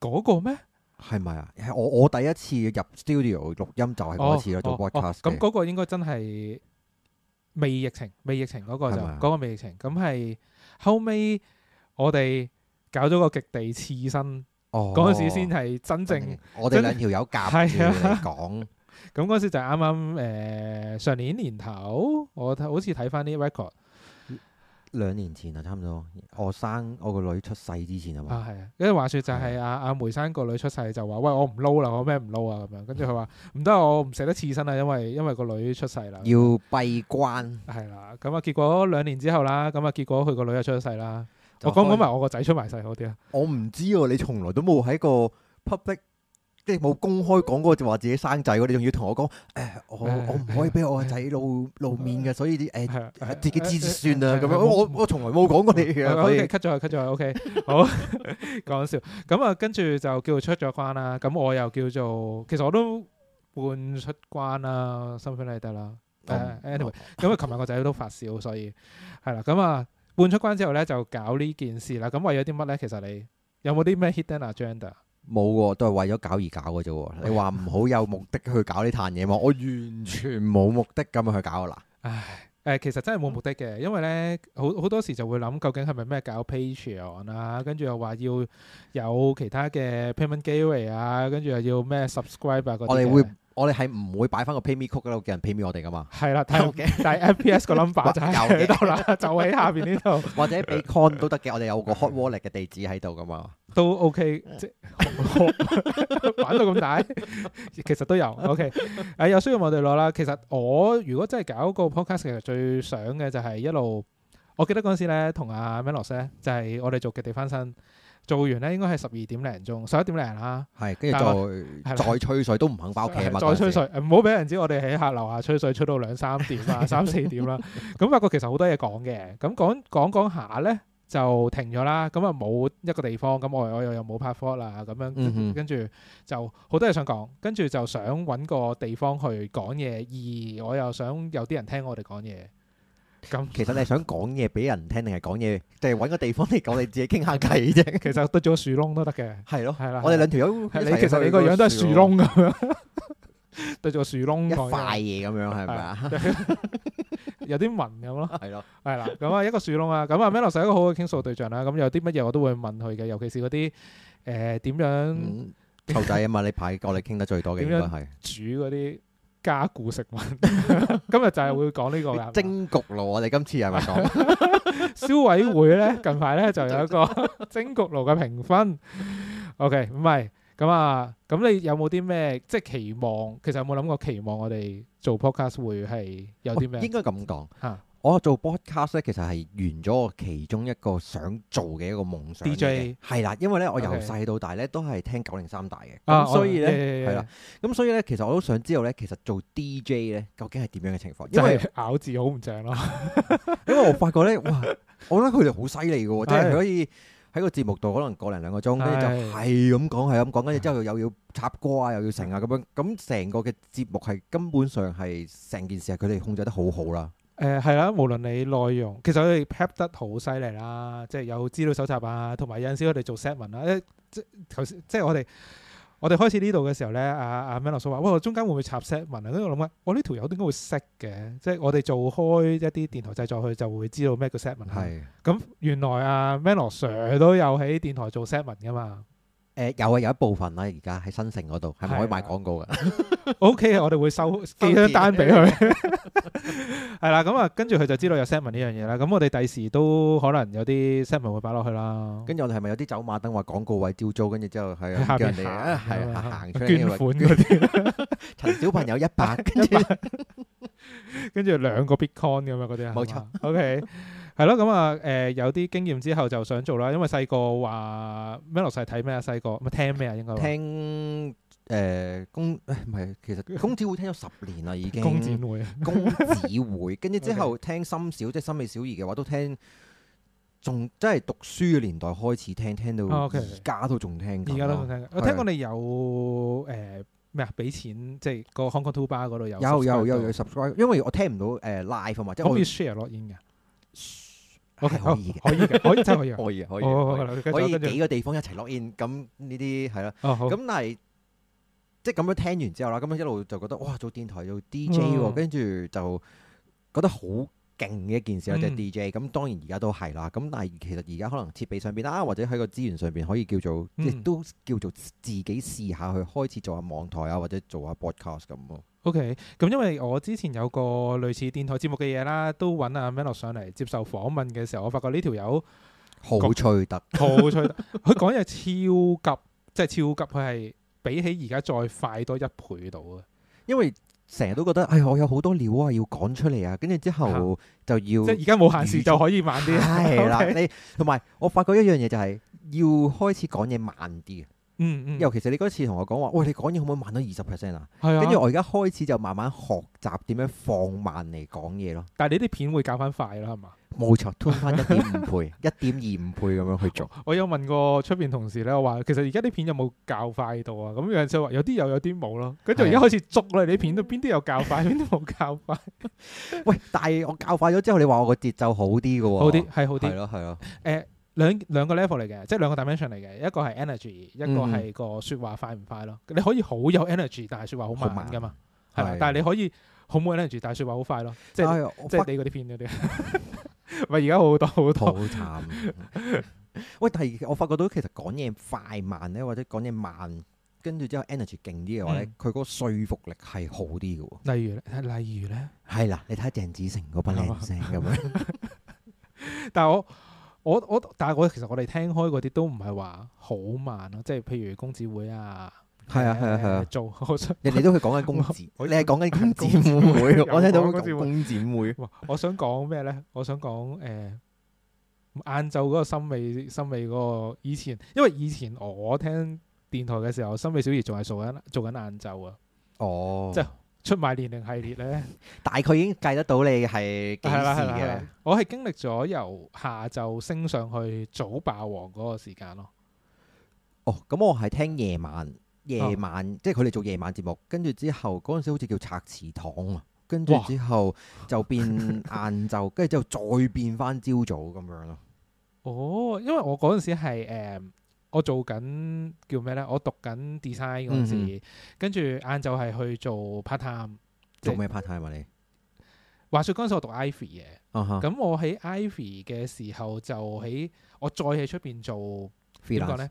嗰個咩？係咪啊？係，我我第一次入 studio 錄音就係嗰次啦，哦、做 broadcast。咁嗰個應該真係未疫情，未疫情嗰個就嗰個未疫情。咁係後尾我哋搞咗個極地刺身，嗰陣、哦、時先係真正，真正我哋兩條友夾住啊，講嗎。咁嗰講 時就啱啱誒上年年頭，我好似睇翻啲 record。兩年前啊，差唔多我生我個女出世之前啊嘛，啊係啊，嗰啲話説就係阿阿梅生個女出世就話，喂我唔撈啦，我咩唔撈啊咁樣，跟住佢話唔得，我唔捨得刺身啦，因為因為個女出世啦，要閉關係啦，咁啊結果兩年之後啦，咁啊結果佢個女又出世啦，我講講埋我個仔出埋世好啲啊，我唔知喎，你從來都冇喺個 public。即係冇公開講過就話自己生仔，我哋仲要同我講，誒，我我唔可以俾我個仔露露面嘅，所以啲誒自己知算啦咁樣。我我從來冇講過你嘅。O K，cut 咗，cut 咗，O K，好講笑。咁啊，跟住就叫出咗關啦。咁我又叫做，其實我都半出關啦，心水嚟得啦。誒，anyway，咁為琴日個仔都發燒，所以係啦。咁啊，半出關之後咧就搞呢件事啦。咁為咗啲乜咧？其實你有冇啲咩 hidden agenda？冇喎、啊，都係為咗搞而搞嘅啫。哎、你話唔好有目的去搞呢壇嘢嘛？我完全冇目的咁樣去搞啦。唉，誒，其實真係冇目的嘅，因為咧，好好多時就會諗究竟係咪咩搞 Patreon 啊？跟住又話要有其他嘅 payment gateway 啊，跟住又要咩 subscriber、啊。我哋會，我哋係唔會擺翻個 pay me 曲喺度叫人 p a m 面我哋噶嘛？係啦、啊，有嘅，Okay 但係 FPS 個 number 就係有嘅，到啦，就喺下邊呢度，或者俾 c o n 都得嘅， 我哋有個 hot wallet 嘅地址喺度噶嘛。都 OK，即玩到咁大，其實都有 OK。誒，有需要我哋攞啦。其實我如果真係搞個 podcast，其實最想嘅就係一路。我記得嗰陣時咧，同阿 Mess 咧，就係我哋做極地翻身，做完咧應該係十二點零鐘，十一點零啦。係，跟住再再吹水都唔肯翻屋企，再吹水唔好俾人知，我哋喺客樓下吹水吹到兩三點啊，三四點啦。咁發覺其實好多嘢講嘅，咁講講講下咧。就停咗啦，咁啊冇一個地方，咁我我又又冇拍拖啦，咁樣跟住就好多嘢想講，跟住就想揾個地方去講嘢，而我又想有啲人聽我哋講嘢。咁其實你想講嘢俾人聽，定係講嘢，定係揾個地方嚟講你自己傾下偈啫。其實得咗樹窿都得嘅。係咯，係啦，我哋兩條友，你其實你個樣都係樹窿咁樣。對住個樹窿，一塊嘢咁樣係咪啊？ 有啲紋咁咯，係咯， 係啦。咁啊，一個樹窿啊，咁、嗯、啊，咩落實一個好嘅傾訴對象啦。咁有啲乜嘢我都會問佢嘅，尤其是嗰啲誒點樣湊仔啊嘛？ 呢排我哋傾得最多嘅應該係煮嗰啲加固食物。今日就係會講呢個啦。蒸焗爐，我哋今次係咪講？消委會咧，近排咧就有一個 蒸焗爐嘅評分。 OK，唔係。咁啊，咁、嗯、你有冇啲咩即係期望？其實有冇諗過期望我哋做 podcast 會係有啲咩？應該咁講吓。啊、我做 podcast 咧，其實係完咗我其中一個想做嘅一個夢想 DJ 係啦，因為咧我由細到大咧都係聽九零三大嘅，所以咧係啦。咁所以咧，其實我都想知道咧，其實做 DJ 咧究竟係點樣嘅情況？就是、因為咬字好唔正咯。 因為我發覺咧，哇！我覺得佢哋好犀利嘅喎，即係 可以。喺個節目度可能過零兩個鐘，跟住就係咁講，係咁講，跟住之後又要插歌啊，又要成啊，咁樣咁成個嘅節目係根本上係成件事，係佢哋控制得好好啦。誒，係啦，無論你內容，其實佢哋拍得好犀利啦，即係有資料蒐集啊，同埋有陣時佢哋做 set 文啦，誒，即係頭先，即係我哋。我哋開始呢度嘅時候咧，阿阿 Melrose 話，喂、啊，我中間會唔會插 set 文啊？跟住我諗啊，這個就是，我呢條友點解會識嘅？即係我哋做開一啲電台製作，佢就會知道咩叫 set 文。係是，咁、啊、原來阿 Melrose Sir 都有喺電台做 set 文噶嘛。誒有啊，有一部分啦，而家喺新城嗰度係唔可以賣廣告嘅。O K，我哋會收寄一單俾佢。係 啦， 咁啊，跟住佢就知道有 settlement 呢樣嘢啦。咁我哋第時都可能有啲 settlement 會擺落去啦。跟住我哋係咪有啲走馬燈話廣告位招租？跟住之後係啊，下邊啊，係行是 捐款嗰啲，陳小朋友一百， 跟住跟住兩個 bitcoin 咁啊，嗰啲啊，冇錯，O K。係咯，咁啊，誒有啲經驗之後就想做啦，因為細個話咩落曬睇咩啊，細個咪聽咩啊，應該聽誒公唔係，其實公子會聽咗十年啦，已經公子會公子會，跟住之後聽心小即係心理小兒嘅話都聽，仲即係讀書嘅年代開始聽，聽到而家都仲聽，而家都仲聽。我聽講你有誒咩啊？俾錢即係個 Hong Kong Two bar 嗰度有有有有十個，因為我聽唔到誒 live 嘛，即係可 share 落 in 我係 Okay, 可以、哦、 可以可以真係可以，哦、可以，可以幾個地方一齊落 in 咁呢啲係咯。咁、哦、但係即係咁樣聽完之後啦，咁樣一路就覺得哇，做電台做 DJ，跟住、嗯、就覺得好。勁嘅一件事或者 D J 咁，當然而家都係啦。咁但係其實而家可能設備上邊啊，或者喺個資源上邊可以叫做，亦都、嗯、叫做自己試下去開始做下網台啊，或者做下 broadcast 咁咯。O K，咁因為我之前有個類似電台節目嘅嘢啦，都揾阿 Mel 上嚟接受訪問嘅時候，我發覺呢條友好吹得，好吹得。佢講嘢超急， 即係超急，佢係比起而家再快多一倍到啊！因為.成日都覺得，哎，我有好多料啊，要講出嚟啊，跟住之後就要、啊、即係而家冇限時就可以慢啲，係啦 了。 你同埋我發覺一樣嘢就係、是、要開始講嘢慢啲。嗯嗯，尤其是你嗰次同我講話，喂，你講嘢可唔可以慢多二十%啊？跟住我而家開始就慢慢學習點樣放慢嚟講嘢咯。但係你啲片會較翻快啦，係嘛？冇錯，推翻一點五倍，一點二五倍咁樣去做。我有問過出邊同事咧，我話其實而家啲片有冇較快到啊？咁樣就話有啲又有啲冇咯。跟住而家開始捉啦，你片度邊啲有較快，邊啲冇較快。喂，但係我較快咗之後，你話我個節奏好啲嘅喎，好啲係好啲，係咯係咯，誒。兩兩個 level 嚟嘅，即係兩個 dimension 嚟嘅，一個係 energy，一個係個説話快唔快咯。你可以好有 energy，但係説話好慢噶嘛，係咪？但係你可以好冇 energy，但係説話好快咯，即係即係你嗰啲片嗰啲。咪而家好多好多好慘。喂，但係我發覺到其實講嘢快慢咧，或者講嘢慢，跟住之後 energy 勁啲嘅話咧，佢嗰個說服力係好啲嘅喎。例如，例如咧，係啦，你睇下鄭子誠把聲咁樣，但係我。我我但係我其實我哋聽開嗰啲都唔係話好慢咯，即係譬如公子會啊，係啊係啊，做我想人哋都係講緊公子，你係講緊公子妹，我聽到公子妹。我想講咩呢？我想講誒，晏晝嗰個森美森美嗰個以前，因為以前我聽電台嘅時候，森美小儀仲係做緊做緊晏晝啊。哦，即係。出賣年齡系列呢， 大概已經計得到你係幾時嘅 ？我係經歷咗由下晝升上去早霸王嗰個時間咯。哦，咁、嗯、我係聽夜晚，夜晚、哦、即係佢哋做夜晚節目，跟住之後嗰陣時好似叫拆祠堂啊，跟住之後就變晏晝，跟住之後再變翻朝早咁樣咯。哦，因為我嗰陣時係誒。嗯我做緊叫咩呢？我讀緊 design 嗰時，跟住晏晝係去做 part time。做咩 part time 啊？你話說嗰陣時我讀 Ivy 嘅，咁、哦、吼我喺 Ivy 嘅時候就喺我再喺出邊做。點講呢？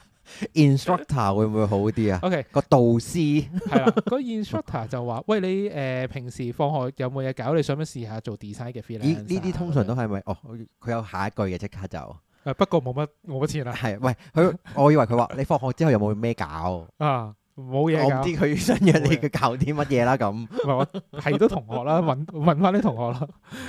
Instructor 會唔會好啲啊？OK，個導師係啦，嗰個 instructor 就話： 喂，你誒，平時放學有冇嘢搞你？你想唔想試下做 design 嘅 freelancer 呢啲通常都係咪？Okay. 哦，佢有下一句嘅，即刻就誒、啊，不過冇乜冇乜錢啦。係，喂，佢我以為佢話你放學之後有冇咩搞 啊？冇嘢唔知佢想約你佢搞啲乜嘢啦，咁，係都 同學啦，問問翻啲同學啦，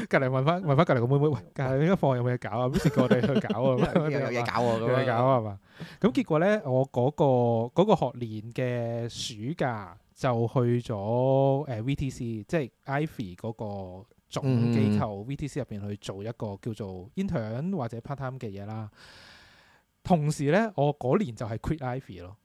隔籬問翻問翻隔籬個妹妹，喂，依家放學有冇嘢搞啊？邊時過嚟去，去搞啊？ 有嘢 搞喎，咁樣搞係嘛？咁、嗯、結果咧，我嗰、那個嗰、那個學年嘅暑假就去咗誒 VTC，即係 Ivy 嗰個總機構 VTC 入邊去做一個叫做 intern 或者 part time 嘅嘢啦。同時咧，我嗰年就係 quit Ivy 咯。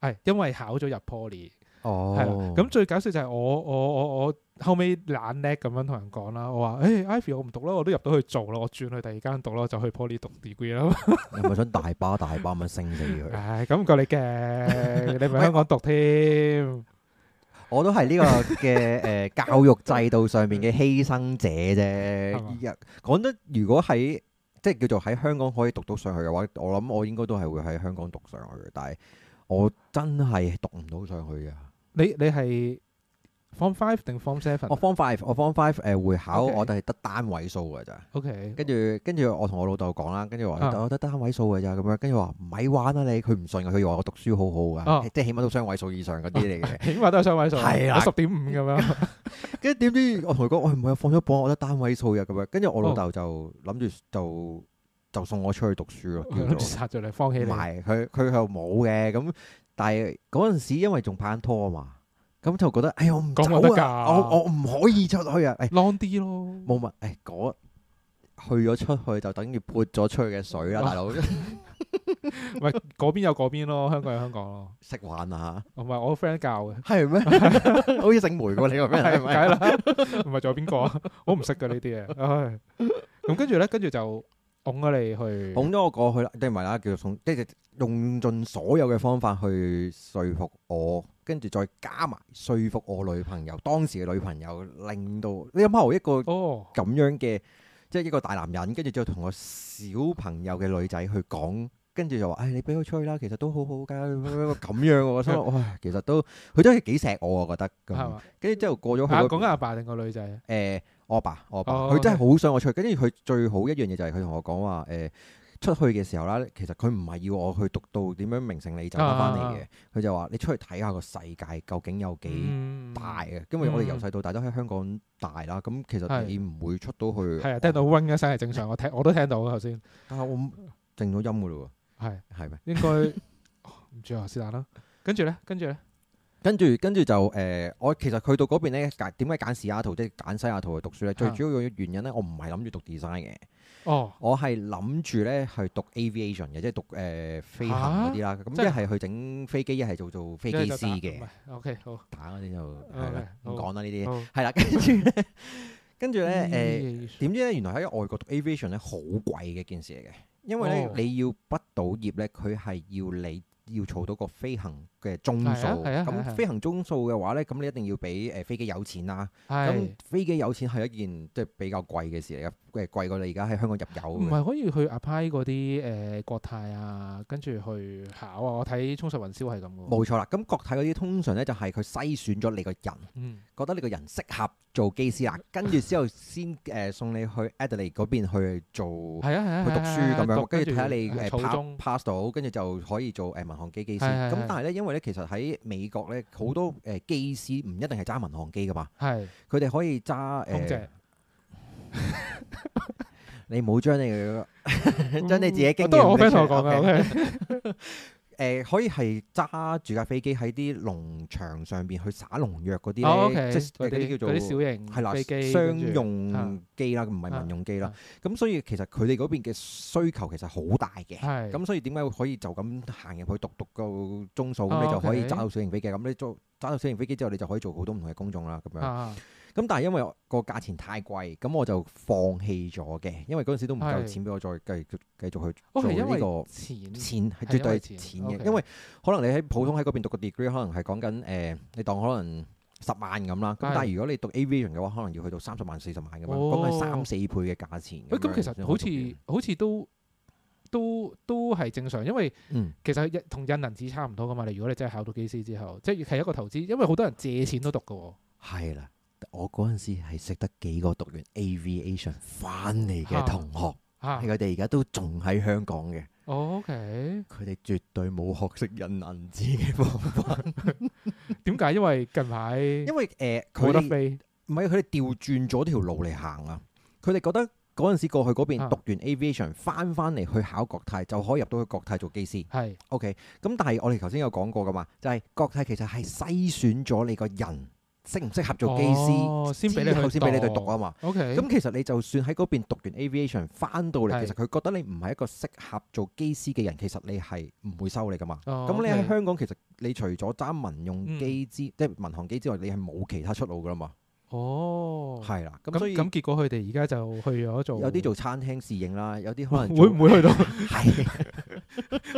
係，因為考咗入 poly，哦，係啦。咁最搞笑就係我，我，我，我後尾懶叻咁樣同人講啦。我話：誒，Ivy 我唔、哎、讀啦，我都入到去做啦，我轉去第二間讀咯，就去 poly 讀 degree 啦。你咪想大把大把咁升死佢？唉、 哎，咁過你嘅， 你咪香港讀添。 我都係呢個嘅誒、呃、教育制度上面嘅犧牲者啫。講 是得如果喺即係叫做喺香港可以讀到上去嘅話，我諗我應該都係會喺香港讀上去嘅，但係。我真係讀唔到上去啊！你你係 form five 定 form seven？我 form five，我 form five 誒、呃、會考，Okay. 我哋係得單位數嘅咋。OK，我跟住跟住我同我老豆講啦，跟住話我得單位數嘅咋，咁樣跟住話唔係玩啊你！佢唔信佢以為我讀書好好嘅，啊、即係起碼都雙位數以上嗰啲嚟嘅，起碼都係雙位數，係啦、啊，十點五咁樣。 跟住點知我同佢講，我唔係放咗榜，我得單位數嘅咁樣。跟住我老豆就諗住、嗯、 就，就。就就送我出去讀書咯，唔好殺咗你，放棄埋佢，佢又冇嘅咁。但係嗰陣時因為仲拍緊拖啊嘛，咁就覺得哎我唔咁好得我我唔可以出去啊，long 啲咯，冇乜。誒嗰去咗出去就等於潑咗出去嘅水啦，大佬咪嗰邊有嗰邊咯，香港有香港咯，識玩啊吓，唔係我 friend 教嘅，係咩？好似整梅喎，你話咩人？唔係仲有邊個啊？我唔識噶呢啲嘢，咁跟住咧，跟住就。拱咗你去，拱咗我過去啦，即係唔係啦，叫做送，即係用盡所有嘅方法去說服我，跟住再加埋說服我女朋友，當時嘅女朋友，令到你諗下，一個咁樣嘅，即係一個大男人，跟住就同個小朋友嘅女仔去講，跟住就話，唉，你俾佢吹啦，其實都好好噶，咁樣我心諗，哇，其實都佢真係幾錫我啊，覺得，跟住之後過咗去，講緊阿爸定個女仔，誒。我爸，我爸，佢真係好想我出去。跟住佢最好一樣嘢就係佢同我講話，誒出去嘅時候啦，其實佢唔係要我去讀到點樣名成利就翻嚟嘅。佢就話你出去睇下個世界究竟有幾大嘅，因為我哋由細到大都喺香港大啦。咁其實你唔會出到去。係啊，聽到嗡一聲係正常，我聽我都聽到頭先。但我靜咗音嘅嘞喎。係係咩？應該唔知啊，試下啦。跟住咧，跟住咧。跟住跟住就誒，我其實去到嗰邊咧，點解揀士雅圖即係揀西雅圖去讀書咧？最主要嘅原因咧，我唔係諗住讀 design 嘅，哦，我係諗住咧去讀 aviation 嘅，即係讀誒飛行嗰啲啦。咁一係去整飛機，一係做做飛機師嘅。O K，好。打嗰啲就係啦，唔講啦呢啲。係啦，跟住跟住咧誒，點知咧原來喺外國讀 aviation 咧好貴嘅一件事嚟嘅，因為咧你要畢到業咧，佢係要你要儲到個飛行嘅鐘數，咁飛行鐘數嘅話咧，咁你一定要俾誒飛機有錢啦。咁飛機有錢係一件即係比較貴嘅事嚟嘅，貴過你而家喺香港入油。唔係可以去 apply 嗰啲誒國泰啊，跟住去考啊。我睇沖上雲霄係咁冇錯啦，咁國泰嗰啲通常咧就係佢篩選咗你個人，覺得你個人適合做機師啦，跟住之後先誒送你去 Adelaide 嗰邊去做，去讀書咁樣，跟住睇下你誒 pass 到，跟住就可以做誒民航機機師。咁但係咧因為其實喺美國咧，好多誒機師唔一定係揸民航機噶嘛，佢哋、嗯、可以揸誒。空姐。你冇將你將 你自己經驗。都、嗯、我 f r i e 誒、呃、可以係揸住架飛機喺啲農場上邊去撒農藥嗰啲，即係啲叫做小型係啦，商用機啦，唔係的民用機啦。咁的所以其實佢哋嗰邊嘅需求其實好大嘅。咁的，所以點解可以就咁行入去讀讀個鐘數咁咧的就可以揸到小型飛機？咁、哦 okay. 你做揸到小型飛機之後，你就可以做好多唔同嘅工種啦。咁樣。咁但係因為個價錢太貴，咁我就放棄咗嘅。因為嗰陣時都唔夠錢俾我再繼續繼續去做呢個錢、哦、錢係絕對錢嘅。因為，錢 okay. 因為可能你喺普通喺嗰邊讀個 degree，可能係講緊誒，你當可能十萬咁啦。咁是但係如果你讀 a v i a n 嘅話，可能要去到三十萬四十萬咁樣，咁係三四倍嘅價錢。誒、欸，咁其實好似好似都都都係正常，因為其實同印民幣差唔多噶嘛。你如果你真係考到機 c 之後，即、就、係、是、一個投資，因為好多人借錢都讀噶。係啦、嗯。我嗰陣時係識得幾個讀完 aviation 翻嚟嘅同學，係佢哋而家都仲喺香港嘅、哦。OK，佢哋絕對冇學識印銀紙嘅方法。點 解？因為近排，因為誒，冇、呃、得飛，唔係佢哋調轉咗條路嚟行啊！佢哋覺得嗰陣時過去嗰邊讀完 aviation 翻翻嚟去考國泰就可以入到去國泰做機師。係是 OK，咁但係我哋頭先有講過噶嘛，就係、是、國泰其實係篩選咗你個人。適唔適合做機師，先俾你後先俾你去讀啊嘛。OK，咁其實你就算喺嗰邊讀完 aviation，翻到嚟其實佢覺得你唔係一個適合做機師嘅人，其實你係唔會收你噶嘛。咁你喺香港，其實你除咗揸民用機之，即係民航機之外，你係冇其他出路噶啦嘛。哦，係啦。咁所以咁結果佢哋而家就去咗做，有啲做餐廳侍應啦，有啲可能會唔會去到？係。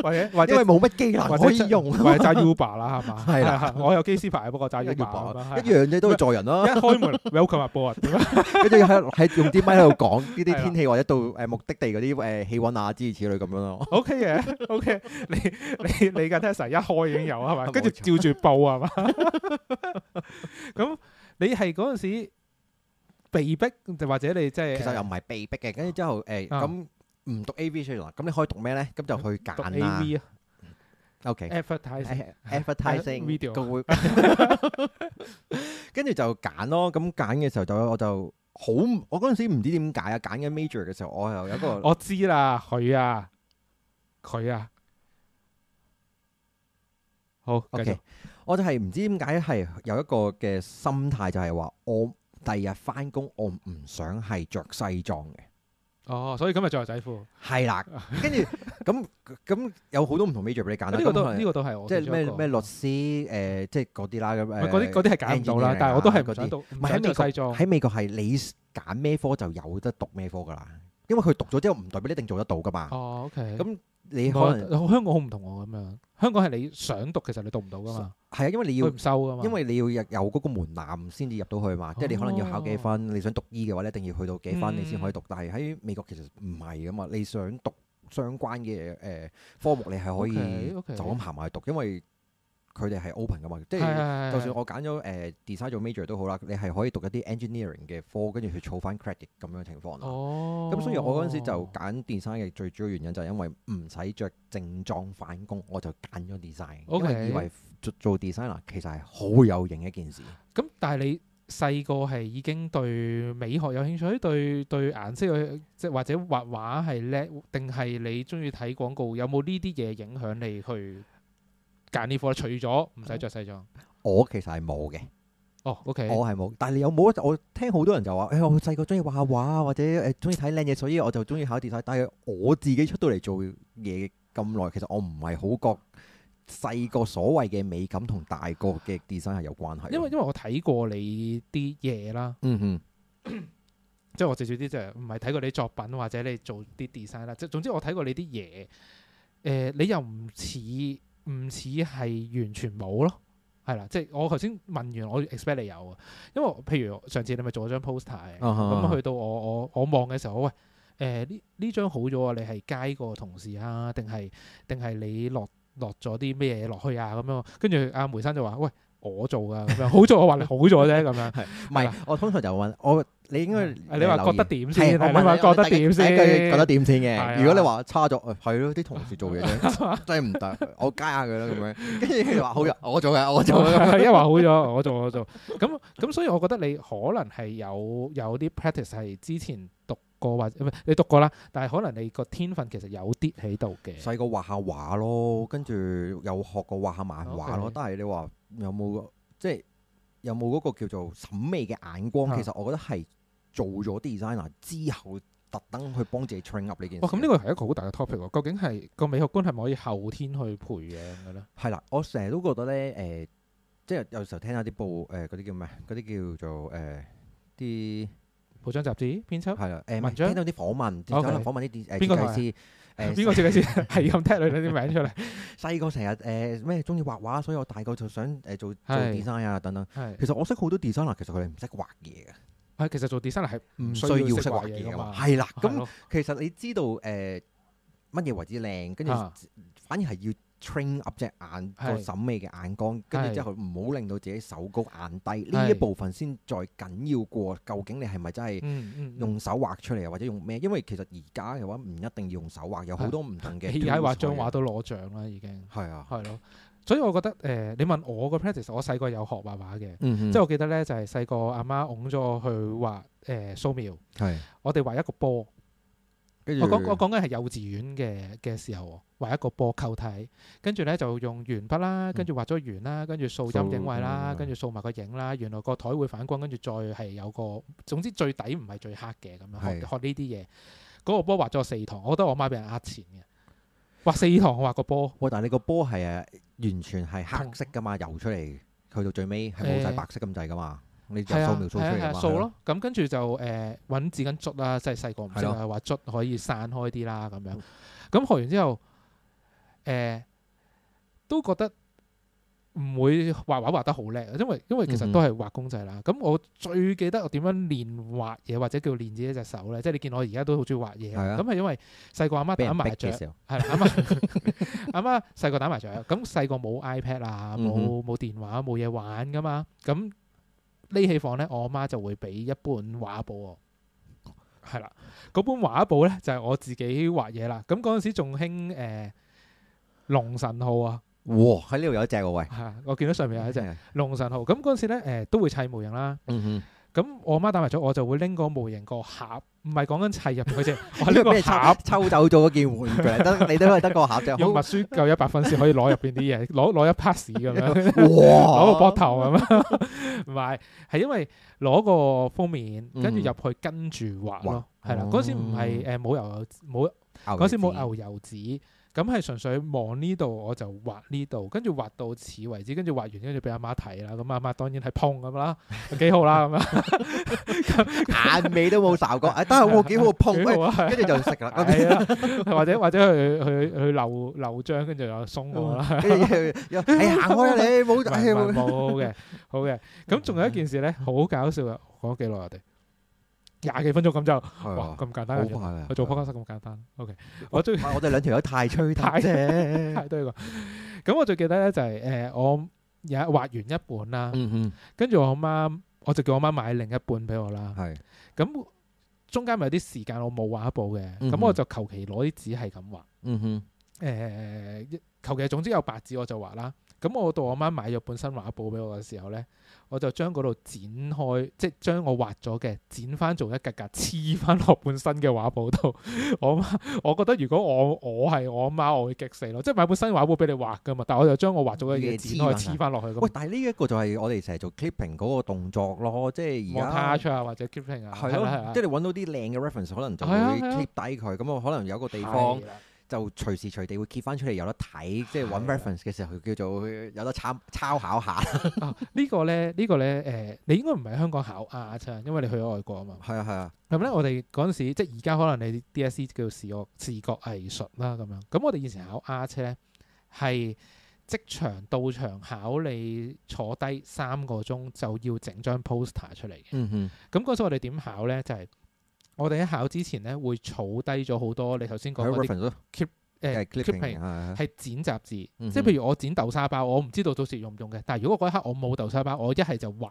或者或者冇乜技能可以用，或者揸 Uber 啦係嘛，係我有機師牌不過揸 Uber，一樣嘢都要載人咯。開門 Welcome 啊，報啊，跟住喺喺用啲咪喺度講呢啲天氣或者到誒目的地嗰啲誒氣溫啊，之如此類咁樣咯。OK 嘅，OK，你你你架 Tesla 一開已經有係嘛，跟住照住報係嘛，咁你係嗰陣時被逼，就或者你即係其實又唔係被逼嘅，跟住之後誒咁。唔讀 A.V. 出來，咁你可以讀咩咧？咁就去揀啦。O.K. advertising，跟住就揀咯。咁揀嘅時候就我就好，我嗰陣時唔知點解啊？揀緊 major 嘅時候，我又有個我知啦，佢啊，佢啊，好。O.K. 我就係唔知點解係有一個嘅心態，就係話我第二日翻工，我唔想係着西裝嘅。哦，所以今日着牛仔褲。係啦，跟住咁咁有好多唔同 major 俾你揀。呢個都呢個都係我即係咩咩律師誒，即係嗰啲啦咁。嗰啲嗰啲係揀唔到啦，但係我都係唔係喺美國。喺美國係你揀咩科就有得讀咩科噶啦，因為佢讀咗之後唔代表一定做得到噶嘛。哦，OK。咁你可能香港好唔同我咁樣，香港係你想讀其實你讀唔到噶嘛。係啊，因為你要因為你要入有嗰個門檻先至入到去嘛，哦、即係你可能要考幾分，哦、你想讀醫嘅話一定要去到幾分你先可以讀。嗯、但係喺美國其實唔係㗎嘛，你想讀相關嘅誒、呃、科目，你係可以就咁行埋去讀，因為佢哋係 open 噶嘛，即係就算我揀咗誒 design 做 major 都好啦，你係可以讀一啲 engineering 嘅科，跟住去儲翻 credit 咁樣情況啦。咁、哦嗯、所以我嗰陣時就揀 design 嘅最主要原因就係因為唔使着正裝返工，我就揀咗 design，我係以為做 design 啊，其實係好有型一件事。咁、嗯、但係你細個係已經對美學有興趣，對對顏色嘅即或者畫畫係叻，定係你中意睇廣告，有冇呢啲嘢影響你去教呢科除咗唔使着西裝藏，我其實係冇嘅。哦，OK，我係冇。但係你有冇我聽好多人就話：誒、哎，我細個中意畫下畫或者誒中意睇靚嘢，所以我就中意考 design。但係我自己出到嚟做嘢咁耐，其實我唔係好覺細個所謂嘅美感同大個嘅 design 係有關係因。因為因為我睇過你啲嘢啦，即係我直接啲即係唔係睇過你作品或者你做啲 design 啦。即係總之我睇過你啲嘢，誒、呃，你又唔似。唔似係完全冇咯，係啦，即係我頭先問完，我 expect 你有啊，因為譬如上次你咪做咗張 poster，咁、uh huh. 嗯、去到我我我望嘅時候，我喂誒呢呢張好咗啊，你係街個同事啊，定係定係你落落咗啲咩嘢落去啊咁樣，跟住阿梅生就話喂，我做噶咁樣好咗，我話你好咗啫咁樣。係，唔係我通常就問我，你應該你話覺得點先？你話覺得點先？覺得點先嘅？如果你話差咗，係咯，啲同事做嘢真係唔得，我加下佢咯咁樣。跟住話好咗，我做嘅，我做。因為話好咗，我做，我做。咁咁，所以我覺得你可能係有有啲 practice 係之前讀過或者你讀過啦，但係可能你個天分其實有啲喺度嘅。細個畫下畫咯，跟住有學過畫下漫畫咯，但係你話。有冇即係有冇嗰個叫做審美嘅眼光？啊、其實我覺得係做咗 designer 之後，特登去幫自己 train up 呢件事。咁呢個係一個好大嘅 topic 喎。嗯、究竟係個美學觀係咪可以後天去培養嘅咧？係啦，我成日都覺得咧，誒、呃，即係有，有時候聽下啲報，誒、呃，嗰啲叫咩？嗰啲叫做誒啲報章雜誌編輯係啦，誒，呃、文章有啲訪問，可能 Okay, 訪問啲誒設計師。誒，邊個設計師係咁 t 你 k 啲名出嚟，細個成日誒咩中意畫畫，所以我大個就想誒做做 design 啊，等等。係，其實我識好多 designer 其實佢哋唔識畫嘢嘅。係，其實，其實做 designer 係唔需要識畫嘢噶嘛。係啦，咁、嗯的嗯、其實你知道誒乜嘢為之靚，跟、呃、住反而係要。train up 隻眼個審美嘅眼光，跟住之後唔好令到自己手高眼低，呢是一部分先再緊要過，究竟你係咪真係用手畫出嚟，或者用咩？嗯嗯、因為其實而家嘅話唔一定要用手畫，有好多唔同嘅。而家畫張畫都攞獎啦，啊、已經。係啊。係咯、啊，所以我覺得誒、呃，你問我個 practice，我細個有學畫畫嘅，即係我記得呢，就係細個阿媽拱咗我畫誒素描，我哋畫一個波。我講我講緊係幼稚園嘅嘅時候，畫一個波、球體，跟住呢就用鉛筆啦，跟住畫咗圓啦，跟住掃陰影位啦，跟住、嗯嗯嗯、掃埋個影啦。原來個枱會反光，跟住再係有個，總之最底唔係最黑嘅，咁樣學呢啲嘢。嗰是個波畫咗四堂，我覺得我媽俾人呃錢嘅。畫四堂我畫個波。但係你個波係誒完全係黑色噶嘛，油出嚟去到最尾係冇晒白色咁滯噶嘛。欸係啊，係啊，數咯。咁跟住就誒揾、呃、紙巾捽啦，即係細個唔知啦，嘅話捽了可以散開啲啦，咁樣。咁學完之後，誒、呃、都覺得唔會畫畫畫得好叻，因為因為其實都係畫公仔啦。咁、嗯、哼我最記得我點樣練畫嘢，或者叫練自己隻手咧。即係你見我而家都好中意畫嘢，咁係的因為細個阿媽打麻雀，係阿媽阿媽細個 打麻雀。咁細個冇 iPad 啊，冇冇電話，冇嘢玩噶嘛，咁。嗯呢起房咧，我阿媽就會俾一本畫簿我，係啦，嗰本畫簿咧就係、是、我自己畫嘢啦。咁嗰陣時仲興誒龍神號啊，哇！喺呢度有一隻喎、啊、喂，我見到上面有一隻龍 神號。咁嗰陣時咧誒、呃、都會砌模型啦。嗯哼咁我媽打埋咗，我就會拎個模型個盒，唔係講緊砌入去啫。我拎個盒抽走咗件玩具，得你都可以得個盒啫。要默書夠一百分先可以攞入邊啲嘢，攞攞一 pass 咁樣。攞個膊頭咁樣，唔係係因為攞個封面，跟住入去跟住畫咯，係啦。嗰時唔係誒冇油冇，嗰陣時冇牛油紙。咁係純粹望呢度我就畫呢度，跟住畫到此為止，跟住畫完跟住俾阿媽睇啦。咁阿媽當然係碰咁啦，幾好啦咁樣，眼尾都冇受過。哎，得幾好碰，跟住就食啦。或者或者去去去流流醬，跟住又鬆我啦。你行開呀，你冇冇嘅，好嘅。咁仲有一件事咧，好搞笑嘅，講幾耐我哋。廿幾分鐘咁，就哇咁簡單嘅，做 Podcast 咁簡單。OK，我最我哋兩條友太催太啫，太對喇。咁我最記得咧就係誒，我有一畫完一本啦，跟住我媽，我就叫我媽買另一本俾我啦。係咁，中間咪有啲時間我冇畫一部嘅，咁我就求其攞啲紙係咁畫。嗯，求其，總之有白紙我就畫啦。咁、嗯、我到我媽買咗本新畫簿俾我嘅時候咧，我就將嗰度剪開，即係將我畫咗嘅剪翻做一格格，黐翻落本新嘅畫簿度。我媽，我覺得如果我我係我媽，我會激死咯！即係買本新畫簿俾你畫噶嘛，但係我就將我畫咗嘅嘢剪開黐翻落去。喂，但係呢一個就係我哋成日做 clipping 嗰個動作咯，即係而家 cut 啊或者 clipping 啊在，係咯了，即係你揾到啲靚嘅 reference，可能就會 clip、啊啊、低佢。咁我可能有個地方。就隨時隨地會 keep 翻出嚟有得睇，是啊、即係揾 reference 嘅時候佢叫做有得參抄考下、啊。呢、呢個呢，呢、呢個呢，誒、呃，你應該唔係香港考 R 車，因為你去咗外國啊嘛。係啊，係啊。咁呢，我哋嗰陣時，即係而家可能你 DSE 叫做視覺視覺藝術啦咁樣。咁我哋以前考 R 車呢，係即場到場考你坐低三個鐘就要整張 poster 出嚟嘅。咁嗰、嗯、哼 時我哋點考呢？就係、是。我哋喺考之前咧，會儲低咗好多你頭先講嗰啲 keep 誒 clipping 係剪雜誌，嗯、哼即係譬如我剪豆沙包，我唔知道到時用唔用嘅。但係如果嗰一刻我冇豆沙包，我一係就畫，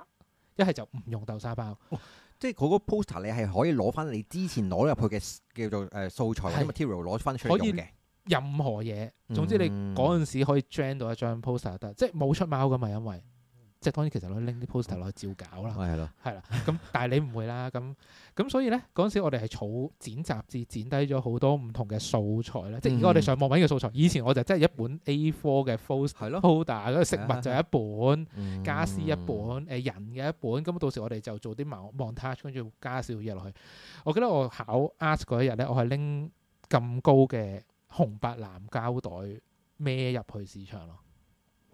一係就唔用豆沙包。哦、即係嗰個 poster 你係可以攞翻你之前攞入去嘅叫做誒素材 material 攞翻出嚟用嘅任何嘢，總之你嗰陣時可以 draw 到一張 poster 就得，即係冇出貓㗎嘛，因為。即係當然，其實攞拎啲 poster 攞去照搞啦，係咯、嗯，係啦。咁但係你唔會啦，咁咁 所以咧嗰陣時，我哋係草剪雜誌，剪低咗好多唔同嘅素材咧。嗯、即係而家我哋上網揾嘅素材，以前我就真係一本 A4 嘅 poster，係咯，食物就一本，嗯、家私一本，誒人嘅一本。咁到時我哋就做啲毛 montage，跟住加少少嘢落去。我記得我考 ask 嗰一日咧，我係拎咁高嘅紅白藍膠袋孭入去市場咯。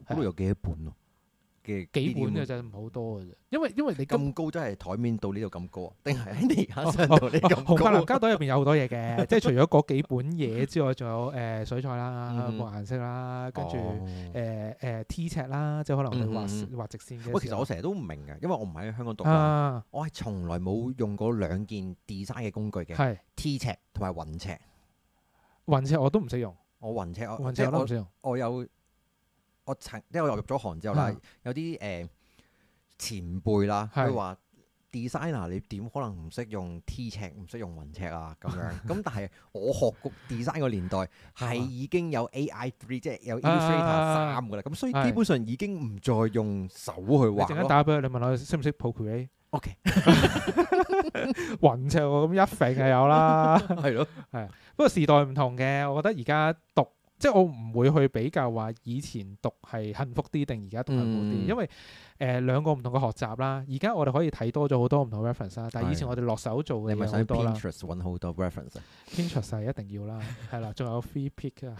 嗰度有幾多本、啊？嘅幾本嘅就唔好多嘅啫，因為因為你咁高真係台面到呢度咁高，高啊？定係喺地下上到呢咁高？紅白膠袋入邊有好多嘢嘅， 即係除咗嗰幾本嘢之外，仲有誒、呃、水彩啦、個顏、嗯、色啦，跟住誒誒 T 尺啦，即係可能畫畫直線嘅。喂、嗯，嗯、我其實我成日都唔明嘅，因為我唔喺香港讀，啊、我係從來冇用過兩件 design 嘅工具嘅，係、嗯、T 尺同埋雲尺，雲尺我都唔識用，我雲尺我雲尺我都唔識用，我有。我曾因為我入咗行之後啦，有啲誒前輩啦，佢話 designer 你點可能唔識用 T 尺，唔識用雲尺啊咁樣。咁但係我學過 design 個年代係已經有 AI three，即係有 Illustrator 三㗎啦。咁所以基本上已經唔再用手去畫。你陣間打俾佢，你問我識唔識 populate？OK，雲尺喎，咁一揈就有啦。係咯，係。不過時代唔同嘅，我覺得而家讀。即係我唔會去比較話以前讀係幸福啲定而家讀幸福啲，嗯、因為。誒、呃、兩個唔同嘅學習啦，而家我哋可以睇多咗好多唔同 reference 啦。但係以前我哋落手做嘅嘢好多啦。多 Pinterest reference 一定要啦。係、 喔、啦，仲有 free pick 啊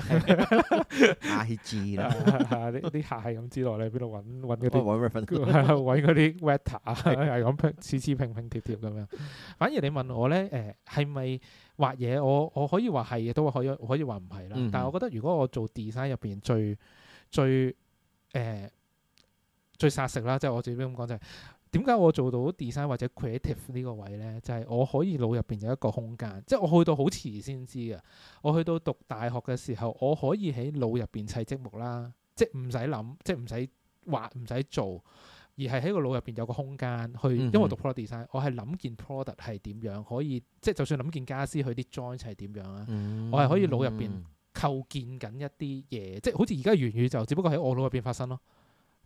，IG 啦，啲、啊、客係咁知道你邊度揾嗰啲，揾 reference 揾啲 vector 係咁，次次拼拼貼貼咁樣。 反而你問我咧，誒係咪畫嘢？我我可以話係，都可以可以話唔係啦。但係我覺得如果我做 design 入邊最 最誒。最殺食啦！即、就、係、是、我自己咁講就係點解我做到 design 或者 creative 呢個位呢？就係、是、我可以腦入邊有一個空間，即、就、係、是、我去到好遲先知嘅。我去到讀大學嘅時候，我可以喺腦入邊砌積木啦，即係唔使諗，即係唔使畫，唔使做，而係喺個腦入邊有個空間去。因為我讀 product design，、嗯、哼我係諗件 product 係點樣，可以即係、就是、就算諗件家私佢啲 joint 係點樣啊，嗯、哼我係可以腦入邊構建緊一啲嘢，即、就、係、是、好似而家元宇宙就只不過喺我腦入邊發生咯。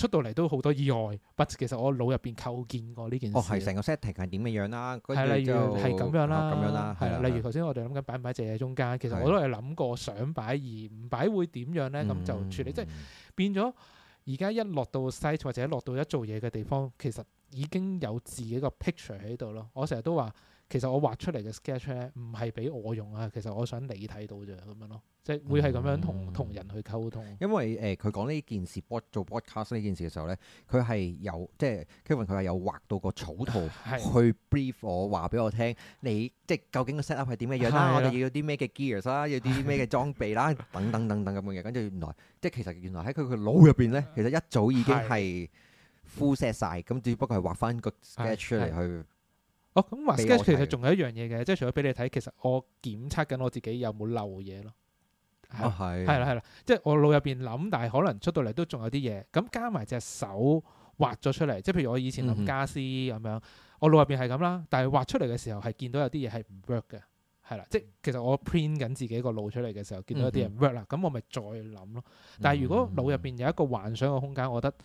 出到嚟都好多意外，but 其實我腦入邊構建過呢件事。哦，係成個 setting 係點嘅樣啦，係例如係咁樣啦，咁樣啦，係啊，例如頭先我哋諗緊擺唔擺隻嘢中間，其實我都係諗過想擺，而唔擺會點樣咧？咁的就處理，嗯、即係變咗而家一落到 site 或者一落到一做嘢嘅地方，其實已經有自己個 picture 喺度咯。我成日都話。其實我畫出嚟嘅 sketch 咧，唔係俾我用啊！其實我想你睇到啫，咁樣咯，即係會係咁樣同同人去溝通。因為誒，佢講呢件事，做 broadcast 呢件事嘅時候咧，佢係有即係 Kevin，佢係有畫到個草圖去 brief 我，話俾的我聽，你即係究竟個 set up 係點嘅樣啦，的我哋要啲咩嘅 gear 啦，要啲咩嘅裝備啦，等等等等咁嘅嘢。跟住原來，即係其實原來喺佢個腦入邊咧，其實一早已經係 full set 晒，咁的只不過係畫翻個 sketch 出嚟去。的的哦，咁畫、oh, Sketch 其實仲有一樣嘢嘅，即係除咗俾你睇，其實我檢測緊我自己有冇漏嘢咯。啊，係，係啦，啊，係啦，即係我腦入邊諗，但係可能出到嚟都仲有啲嘢。咁加埋隻手畫咗出嚟，即係譬如我以前諗家私咁樣，我腦入邊係咁啦，但係畫出嚟嘅時候係見到有啲嘢係唔 work 嘅，係啦，即係其實我 print 緊自己個腦出嚟嘅時候，見到有啲嘢唔 work 啦，咁、嗯哼啊、我咪再諗咯。但係如果腦入邊有一個幻想嘅空間，我覺得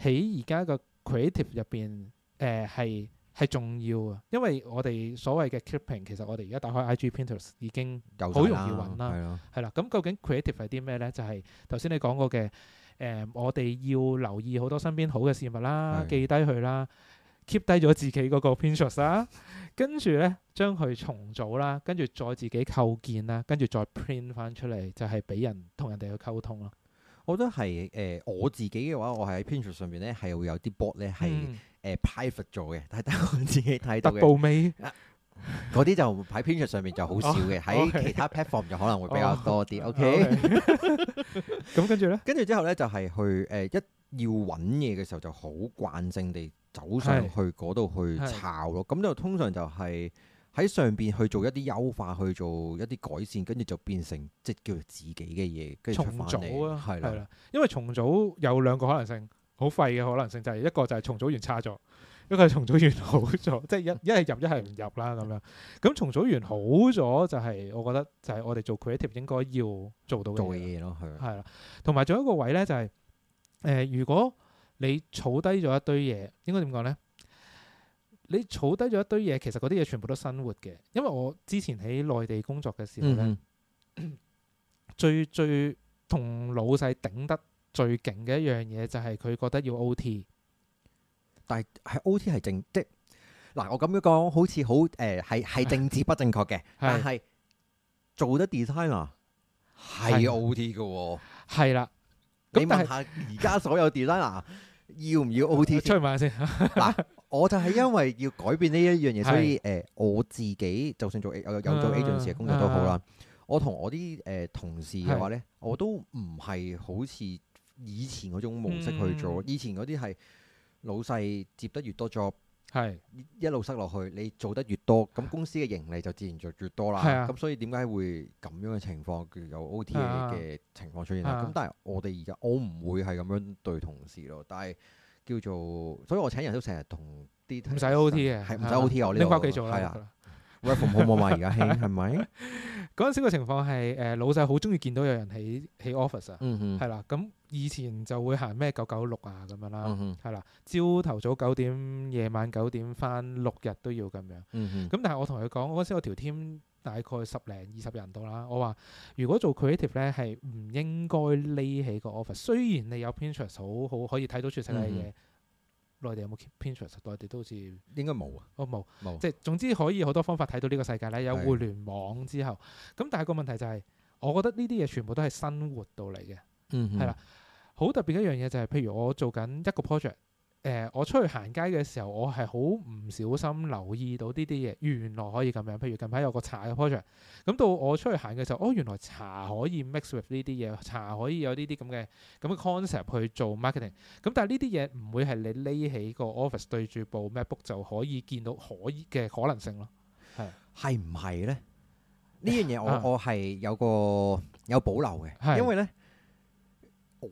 喺而家個 creative 入邊，誒、呃、係。係重要啊，因為我哋所謂嘅 keeping，其實我哋而家打開 IG Pinterest 已經好容易揾啦，係啦。咁究竟 creative 係啲咩呢？就係頭先你講過嘅，誒、呃，我哋要留意好多身邊好嘅事物啦，記低佢啦，keep 低咗自己嗰個 Pinterest 啊，跟 住呢，將佢重組啦，跟住再自己構建啦，跟住再 print 翻出嚟，就係、是、俾人同人哋去溝通咯。我覺得係誒、呃、我自己嘅話，我喺 Pinterest 上面呢，係會有啲 board 咧誒 private 做嘅，但係得我自己睇得嘅。特報尾嗰啲就喺 Pinterest 上面就好少嘅，喺其他 platform 就可能會比較多啲。O K，咁跟住咧，跟住之後咧就係去誒一要揾嘢嘅時候，就好慣性地走上去嗰度去抄咯。咁就通常就係喺上邊去做一啲優化，去做一啲改善，跟住就變成即係叫做自己嘅嘢。跟住重組啊，係啦，因為重組有兩個可能性。好廢嘅可能性就係、是、一個就係重組完差咗，一個重組完好咗， 即係一一係入一係唔入啦咁樣。咁、嗯、重組完好咗就係、是、我覺得就係我哋做 creative 應該要做到嘅嘢咯，係啦，同埋仲有一個位咧就係、是、誒、呃，如果你儲低咗一堆嘢，應該點講咧？你儲低咗一堆嘢，其實嗰啲嘢全部都生活嘅，因為我之前喺內地工作嘅時候咧、嗯， 最最同老細頂得。最勁嘅一樣嘢就係佢覺得要 O T，但係係 O T 係正即嗱，我咁樣講好似好誒係係政治不正確嘅，是但係做得 designer 係 O T 嘅喎、哦，係啦。你問下而家所有 designer 要唔要 O T？出嚟先嗱，我就係因為要改變呢一樣嘢， 的所以誒、呃、我自己就算做有有做 agency 嘅工作都好啦，的我同我啲誒、呃、同事嘅話咧，是的 我都唔係好似。以前嗰種模式去做，以前嗰啲係老細接得越多 job，係是一路塞落去，你做得越多，咁公司嘅盈利就自然就越多啦。咁、啊、所以點解會咁樣嘅情況，叫有 OT 嘅情況出現啦？咁、啊、但係我哋而家我唔會係咁樣對同事咯，但係叫做，所以我請人都成日同啲唔使 OT 嘅，係唔使 OT，我拎包繼續 r 好冇嘛？而家興係咪？嗰陣時個情況係誒、呃、老細好中意見到有人喺喺 office 啊、嗯哼，係啦。咁以前就會行咩九九六啊咁樣啦，係、嗯、哼啦。朝頭早九點，夜晚九點翻，六日都要咁樣。咁、嗯、哼但係我同佢講，嗰陣時我條 team 大概十零二十人度啦。我話如果做 creative 咧，係唔應該匿起個 office，雖然你有 Pinterest 好好可以睇到出世界嘅。嗯。內地有冇 Pinterest？內地都好似應該冇啊，哦，冇，即係總之可以好多方法睇到呢個世界啦。有互聯網之後，咁但係個問題就係、是，我覺得呢啲嘢全部都係生活到嚟嘅，嗯哼，係啦。好特別一樣嘢就係、是，譬如我做緊一個 project。誒、呃，我出去行街嘅時候，我係好唔小心留意到呢啲嘢，原來可以咁樣。譬如近排有個茶嘅 project，咁到我出去行嘅時候，哦，原來茶可以 mix with 呢啲嘢，茶可以有呢啲咁嘅咁嘅 concept 去做 marketing。咁但係呢啲嘢唔會係你匿起個 office 對住部 MacBook 就可以見到可以嘅可能性咯。係係唔係呢？呢樣嘢我我係有個有保留嘅，嗯、因為呢。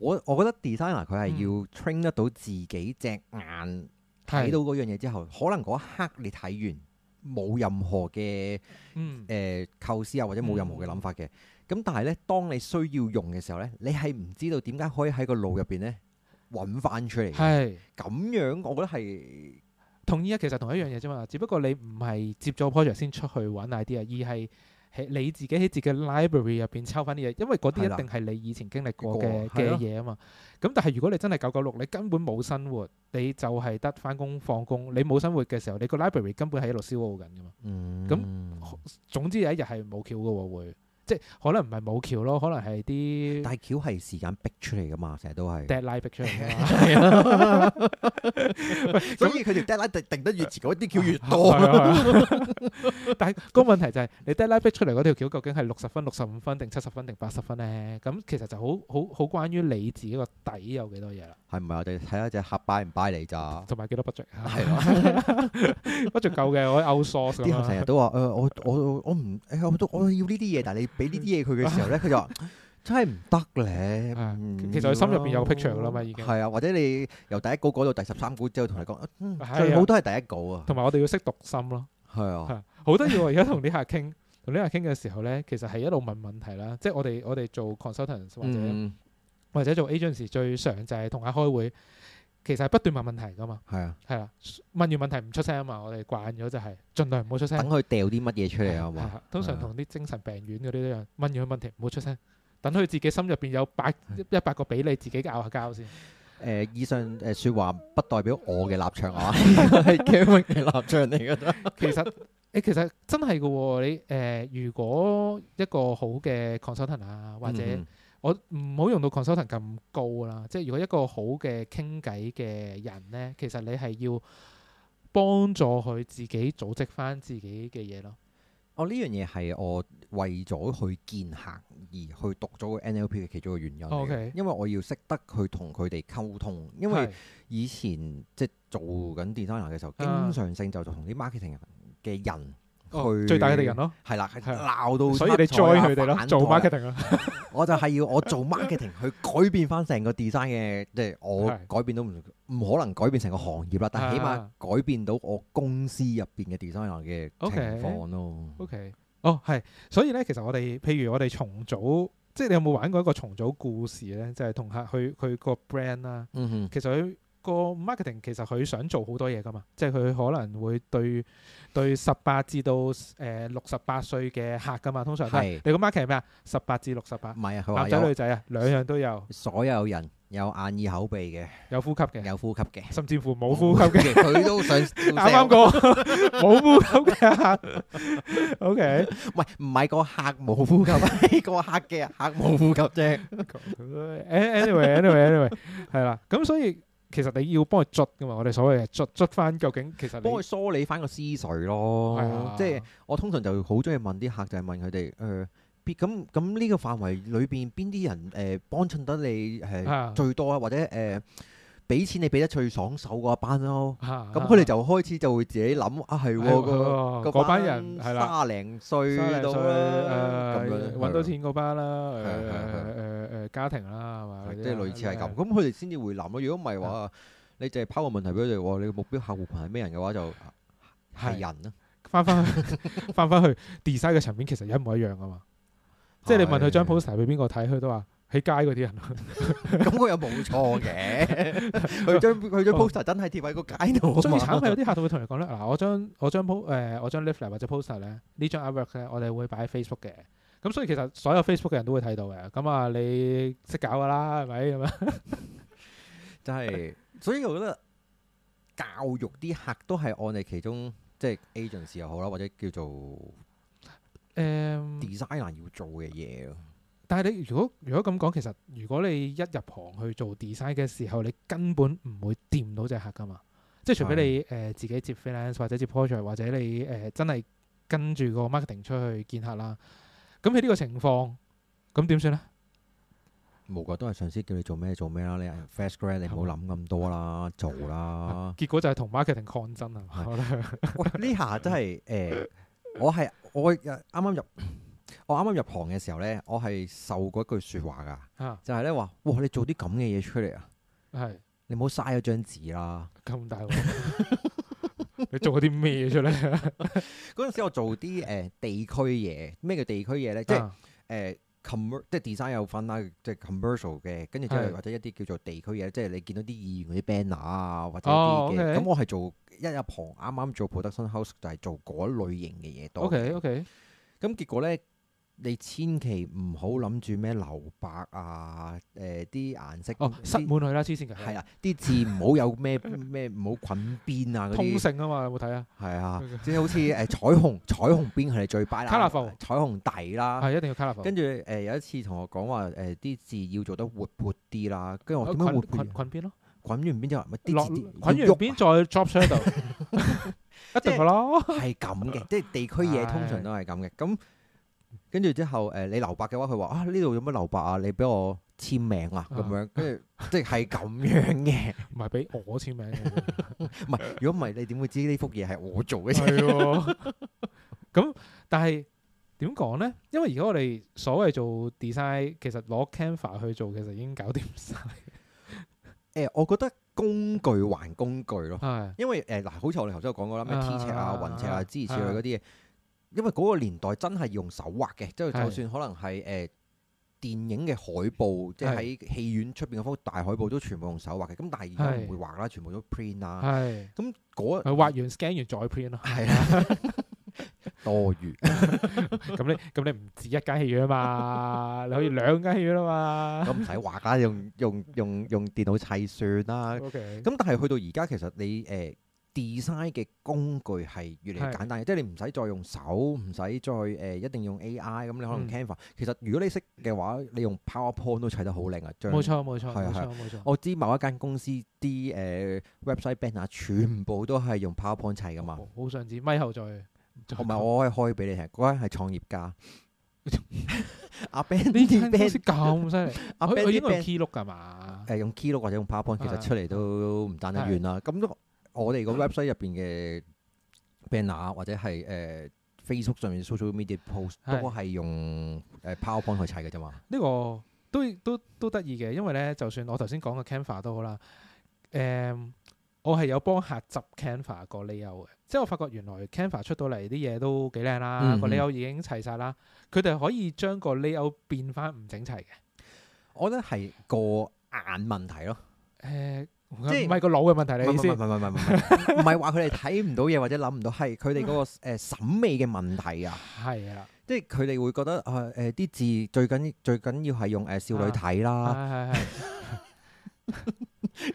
我我覺得 designer 佢係要 train 得到自己隻眼睇到嗰樣嘢之後，的可能嗰一刻你睇完冇任何嘅誒、嗯呃、構思啊，或者冇任何嘅諗法嘅。咁但係呢，當你需要用嘅時候呢，你係唔知道點解可以喺個腦入邊呢揾翻出嚟。係咁的樣，我覺得係同意啊。其實同一樣嘢啫嘛，只不過你唔係接咗 project 先出去玩 idea 啊，而係。係你自己喺自己 library 入邊抽翻啲嘢，因為嗰啲一定係你以前經歷過嘅嘅嘢啊嘛。咁的但係如果你真係九九六，你根本冇生活，你就係得翻工放工。你冇生活嘅時候，你個 library 根本係喺度消耗緊噶嘛。咁、嗯、總之有一日係冇橋噶會。即係可能唔係冇橋咯，可能係啲大橋係時間逼出嚟㗎嘛，成日都係 deadline 逼出嚟㗎嘛。係啊，所以佢條 deadline 定得越遲，嗰啲橋越多。但係個問題就係你 deadline 逼出嚟嗰條橋，究竟係六十分、六十五分定七十分定八十分咧？咁其實就好好好關於你自己個底有幾多嘢啦。係唔係我哋睇下隻合擺唔擺嚟咋？同埋幾多 budget？係嘛，budget 夠嘅我可以 outsource 咁。啲客成日都話：誒，我我我唔，我都我要呢啲嘢，但係你。俾呢啲嘢佢嘅時候咧，佢就話真係唔得咧。其實佢心入邊有 picture 噶啦嘛，已經係啊。或者你由第一稿改到第十三稿之後，同你講、嗯、最好都係第一稿啊。同埋、啊、我哋要識讀心咯。係啊，好多嘢喎！而家同啲客傾，同呢 客傾嘅時候咧，其實係一路問問題啦。即係我哋我哋做 consultant 或者、嗯、或者做 agent 時，最常就係同客開會。其實係不斷問問題噶嘛，係啊，係啊，問完問題唔出聲啊嘛，我哋慣咗就係盡量唔好出聲。等佢掉啲乜嘢出嚟啊嘛，通常同啲精神病院嗰啲一樣，問完問題唔好出聲，等佢自己心入邊有百一百個比例，自己拗下交先。誒，以上誒説話不代表我嘅立場啊，係 Jeremy 嘅立場嚟噶啫。其實誒，其實真係嘅喎，你誒，如果一個好嘅 consultant 啊，或者。我唔好用到 consultant 咁高啦，即係如果一個好嘅傾偈嘅人呢，其實你係要幫助佢自己組織翻自己嘅嘢咯。哦，呢樣嘢係我為咗去見客而去讀咗個 NLP 嘅其中一個原因。哦 okay。因為我要識得去同佢哋溝通，因為以前是即係做緊電商嘅時候，嗯、經常性就同啲 marketing 嘅人，人。哦、去最大嘅敵人咯，係啦，鬧啦到所以你 join 佢哋咯，台做 marketing 啊， 我就係要我做 marketing 去改變翻成個 design 嘅，即係我改變到唔唔可能改變成個行業啦，的但係起碼改變到我公司入邊嘅 designer 嘅情況咯。OK，哦，係，所以咧，其實我哋譬如我哋重組，即係你有冇玩過一個重組故事咧？就係、是、同客去去個 brand 啦。嗯哼，其實。個 marketing 其實佢想做好多嘢噶嘛，即係佢可能會對對十八至到誒六十八歲嘅客噶嘛，通常都係你個 marketing 係咩啊？十八至六十八，唔係啊，男仔女仔啊，兩樣都有。所有人有眼耳口鼻嘅，有呼吸嘅，有呼吸嘅，甚至乎冇呼吸嘅，佢都想啱啱講冇呼吸嘅客。OK，喂，唔係個客冇呼吸啊，呢個客嘅客冇呼吸啫。Anyway，anyway，anyway，係啦，咁所以。其實你要幫佢捽㗎嘛，我哋所謂嘅捽捽翻，究竟其實幫佢梳理翻個思緒咯。哎、呀 即係我通常就好中意問啲客，就係、是、問佢哋誒咁咁呢個範圍裏邊邊啲人誒幫襯得你誒、呃哎、呀 最多啊，或者誒。呃俾錢你俾得最爽手嗰一班咯，咁佢哋就開始就會自己諗啊，係嗰嗰班人，係啦，三零歲到咁樣，揾到錢嗰班啦，誒誒誒家庭啦，係嘛，即係類似係咁。咁佢哋先至會諗咯。如果唔係話，你凈係拋個問題俾佢哋，我你目標客戶群係咩人嘅話，就係人咯。翻翻翻翻去 design 嘅層面，其實一模一樣啊嘛。即係你問佢張 poster 俾邊個睇，佢都話，喺街嗰啲人， 咁佢又冇錯嘅。佢張佢張 poster 真係貼喺個街度，哦。最慘係有啲客會同你講咧，嗱， 我將我將 po 誒我將 leaflet 或者 poster 咧呢張 artwork 咧，我哋會擺喺 Facebook 嘅。咁所以其實所有 Facebook 嘅人都會睇到嘅。咁啊，你識搞噶啦，係咪咁啊？就 係， 所以我覺得教育啲客都係我哋其中即係 agents 又好啦，或者叫做誒 designer 要做嘅嘢咯。 但係你如果如果咁講，其實如果你一入行去做 design 嘅時候，你根本唔會掂到隻客噶嘛。即係除非你誒是的、呃、自己接 f r e a n c e 或者接 project，或者你誒、呃、真係跟住個 marketing 出去見客啦。咁喺呢個情況，咁點算呢？冇噶，都係上司叫你做咩做咩啦。你 f a s t grad，e 你唔好諗咁多啦，的做啦吧、啊。結果就係同 marketing 抗爭啊！呢的 下真係誒、呃，我係我啱啱入。 我啱啱入行嘅時候咧，我係受過一句話、啊、說話噶，就係咧話，哇，你做啲咁嘅嘢出嚟啊，係是，你唔好嘥咗張紙啦，咁大鑊， 你做咗啲咩嘢出嚟？嗰陣 時我做啲誒、呃、地區嘢，咩叫地區嘢咧？即係誒 convert 即係 design 有分啦，即係 commercial 嘅，跟住即後、就是、是或者一啲叫做地區嘢，即係你見到啲議員嗰啲 banner 啊，或者啲嘅，咁、哦 okay，我係做一入行啱啱做 production house 就係做嗰類型嘅嘢多，ok ok，咁結果咧。你千祈唔好諗住咩留白啊，誒啲顏色哦塞滿佢啦，黐線嘅係啊，啲字唔好有咩咩唔好滾邊啊通性啊嘛，有冇睇啊？係啊，即係好似誒彩虹，彩虹邊係你最 buy 啦，colourful 彩虹底啦，係一定要 colourful，跟住誒有一次同我講話誒啲字要做得活潑啲啦，跟住我點樣活滾滾邊咯？滾完邊之後咪啲字滾完邊再 drop shadow 就一定噶啦，係咁嘅，即係地區嘢通常都係咁嘅咁。跟住之後，誒、呃、你留白嘅話，佢話啊呢度有乜留白啊？你俾我簽名啊，咁樣跟住即係咁樣嘅，唔係俾我簽名，唔係。 如果唔係，你點會知呢幅嘢係我做嘅啫？咁、啊、但係點講呢？因為而家我哋所謂做 design，其實攞 Canva 去做，其實已經搞掂晒。誒、呃，我覺得工具還工具咯，啊、因為誒嗱、呃，好似我哋頭先講過啦，咩 T 尺啊、雲尺啊之類嗰啲嘢。因為嗰個年代真係用手畫嘅，即係就算可能係誒電影嘅海報，是即係喺戲院出邊嗰幅大海報都全部用手畫嘅。咁但係而家唔會畫啦，是全部都 print 啦。係咁嗰畫完 scan 完再 print 咯。係啊，多餘。咁你咁你唔止一間戲院啊嘛， 你可以兩間戲院啦嘛。咁唔使畫啦，用用用用電腦砌算啦。咁 Okay. 但係去到而家，其實你誒。呃 design 嘅工具係越嚟越簡單嘅，即係你唔使再用手，唔使再誒一定用 AI，咁你可能 Canva。其實如果你識嘅話，你用 PowerPoint 都砌得好靚啊！冇錯冇錯冇錯冇錯。我知某一間公司啲誒 website banner 全部都係用 PowerPoint 砌㗎嘛。好上次咪後再，同埋我可以開俾你聽，嗰間係創業家。阿 Ben 呢啲 Ben 咁犀利，阿 Ben 應該用 keynote 㗎嘛？誒用 keynote 或者用 PowerPoint 其實出嚟都唔爭得遠啦。咁都。我哋個 website 入邊嘅 banner 或者係誒、呃、Facebook 上面 social media post 都係用誒 PowerPoint 去砌嘅啫嘛。呢、這個都都都得意嘅，因為咧就算我頭先講嘅 Canva 都好啦。誒、呃，我係有幫客執 Canva 個 layout 嘅，即係我發覺原來 Canva 出到嚟啲嘢都幾靚啦，個 layout 已經砌晒啦。佢哋可以將個 layout 變翻唔整齊嘅。我覺得係個眼問題咯。誒、呃。即係唔係個腦嘅問題，你意思？唔係唔係唔係唔係唔係，唔係話佢哋睇唔到嘢，或者諗唔到，係佢哋嗰個誒審美嘅問題啊！係啊，即係佢哋會覺得誒誒啲字最緊最緊要係用誒少女體啦。係係係。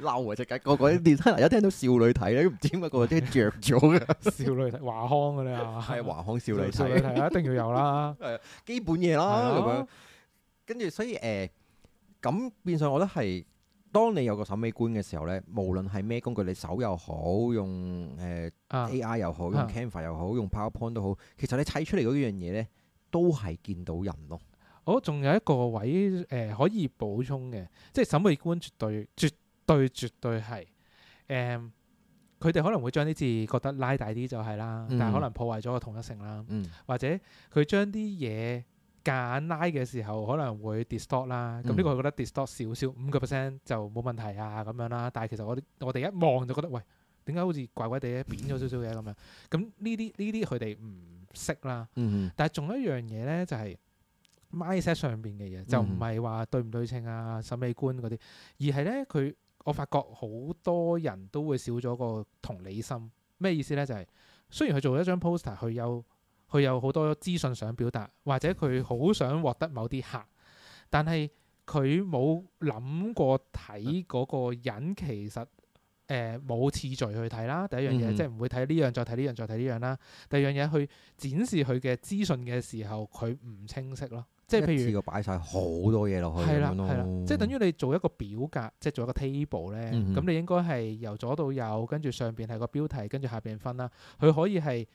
嬲啊隻雞，個個啲電視一聽到少女體咧，唔知點解個個都着咗嘅少女體。華康嘅咧啊！係華康少女體一定要有啦，基本嘢啦。咁樣跟住所以誒咁變相，我覺得係。當你有個審美觀嘅時候呢，無論係咩工具，你手又好，用 A I 又好，用 Canva 又好，用 PowerPoint 都好，其實你砌出嚟嗰樣嘢呢，都係見到人咯。我仲、哦、有一個位可以補充嘅，即係審美觀絕對、絕對、絕對係，佢哋可能會將啲字覺得拉大啲就係、是、啦，嗯、但係可能破壞咗個統一性啦，嗯、或者佢將啲嘢。硬拉嘅時候可能會 distort 啦，咁呢個我覺得 distort 少少，五個 percent 就冇問題啊，咁樣啦。但係其實我我哋一望就覺得，喂，點解好似怪怪地咧，扁咗少少嘢咁樣？咁呢啲呢啲佢哋唔識啦。嗯、哼但係仲有一樣嘢咧，就係、是、myset 上邊嘅嘢，就唔係話對唔對稱啊、審美觀嗰啲，而係咧佢我發覺好多人都會少咗個同理心。咩意思咧？就係、是、雖然佢做一張 poster，佢有。佢有好多資訊想表達，或者佢好想獲得某啲客，但係佢冇諗過睇嗰個人其實誒冇、呃、次序去睇啦。第一樣嘢即係唔會睇呢樣再睇呢樣再睇呢樣啦。第二樣嘢，去展示佢嘅資訊嘅時候，佢唔清晰咯。即係譬如個擺曬好多嘢落去，係啦係啦，即係、就是、等於你做一個表格，即、就、係、是、做一個 table 咧、嗯哼，咁你應該係由左到右，跟住上邊係個標題，跟住下邊分啦。佢可以係。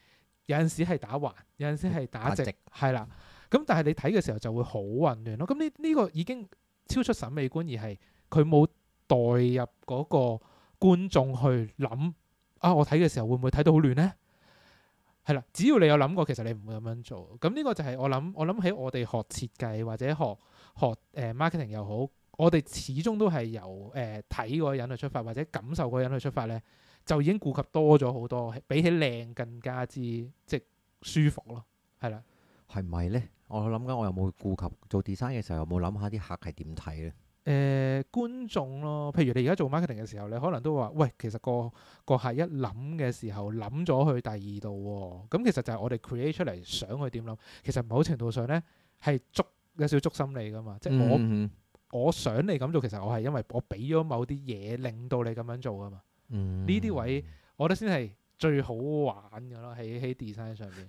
有陣時係打橫，有陣時係打直，係啦正。咁但係你睇嘅時候就會好混亂咯。咁呢呢個已經超出審美觀而，而係佢冇代入嗰個觀眾去諗。啊，我睇嘅時候會唔會睇到好亂呢？」係啦，只要你有諗過，其實你唔會咁樣做。咁呢個就係我諗，我諗喺我哋學設計或者學學、呃、Marketing 又好，我哋始終都係由誒睇嗰個人去出發，或者感受嗰個人去出發呢。就已經顧及多咗好多，比起靚更加之即舒服咯，係啦，係咪呢？我諗緊，我有冇顧及做 design 嘅時候有冇諗下啲客係點睇呢？誒、呃，觀眾咯，譬如你而家做 marketing 嘅時候，你可能都話：喂，其實個個客一諗嘅時候，諗咗去第二度喎。咁其實就係我哋 create 出嚟，想佢點諗。其實某程度上呢，係捉有少少捉心理噶嘛，即係我、嗯、我想你咁做，其實我係因為我俾咗某啲嘢令到你咁樣做噶嘛。呢啲、嗯、位，我覺得先係最好玩噶咯。喺喺 design 上邊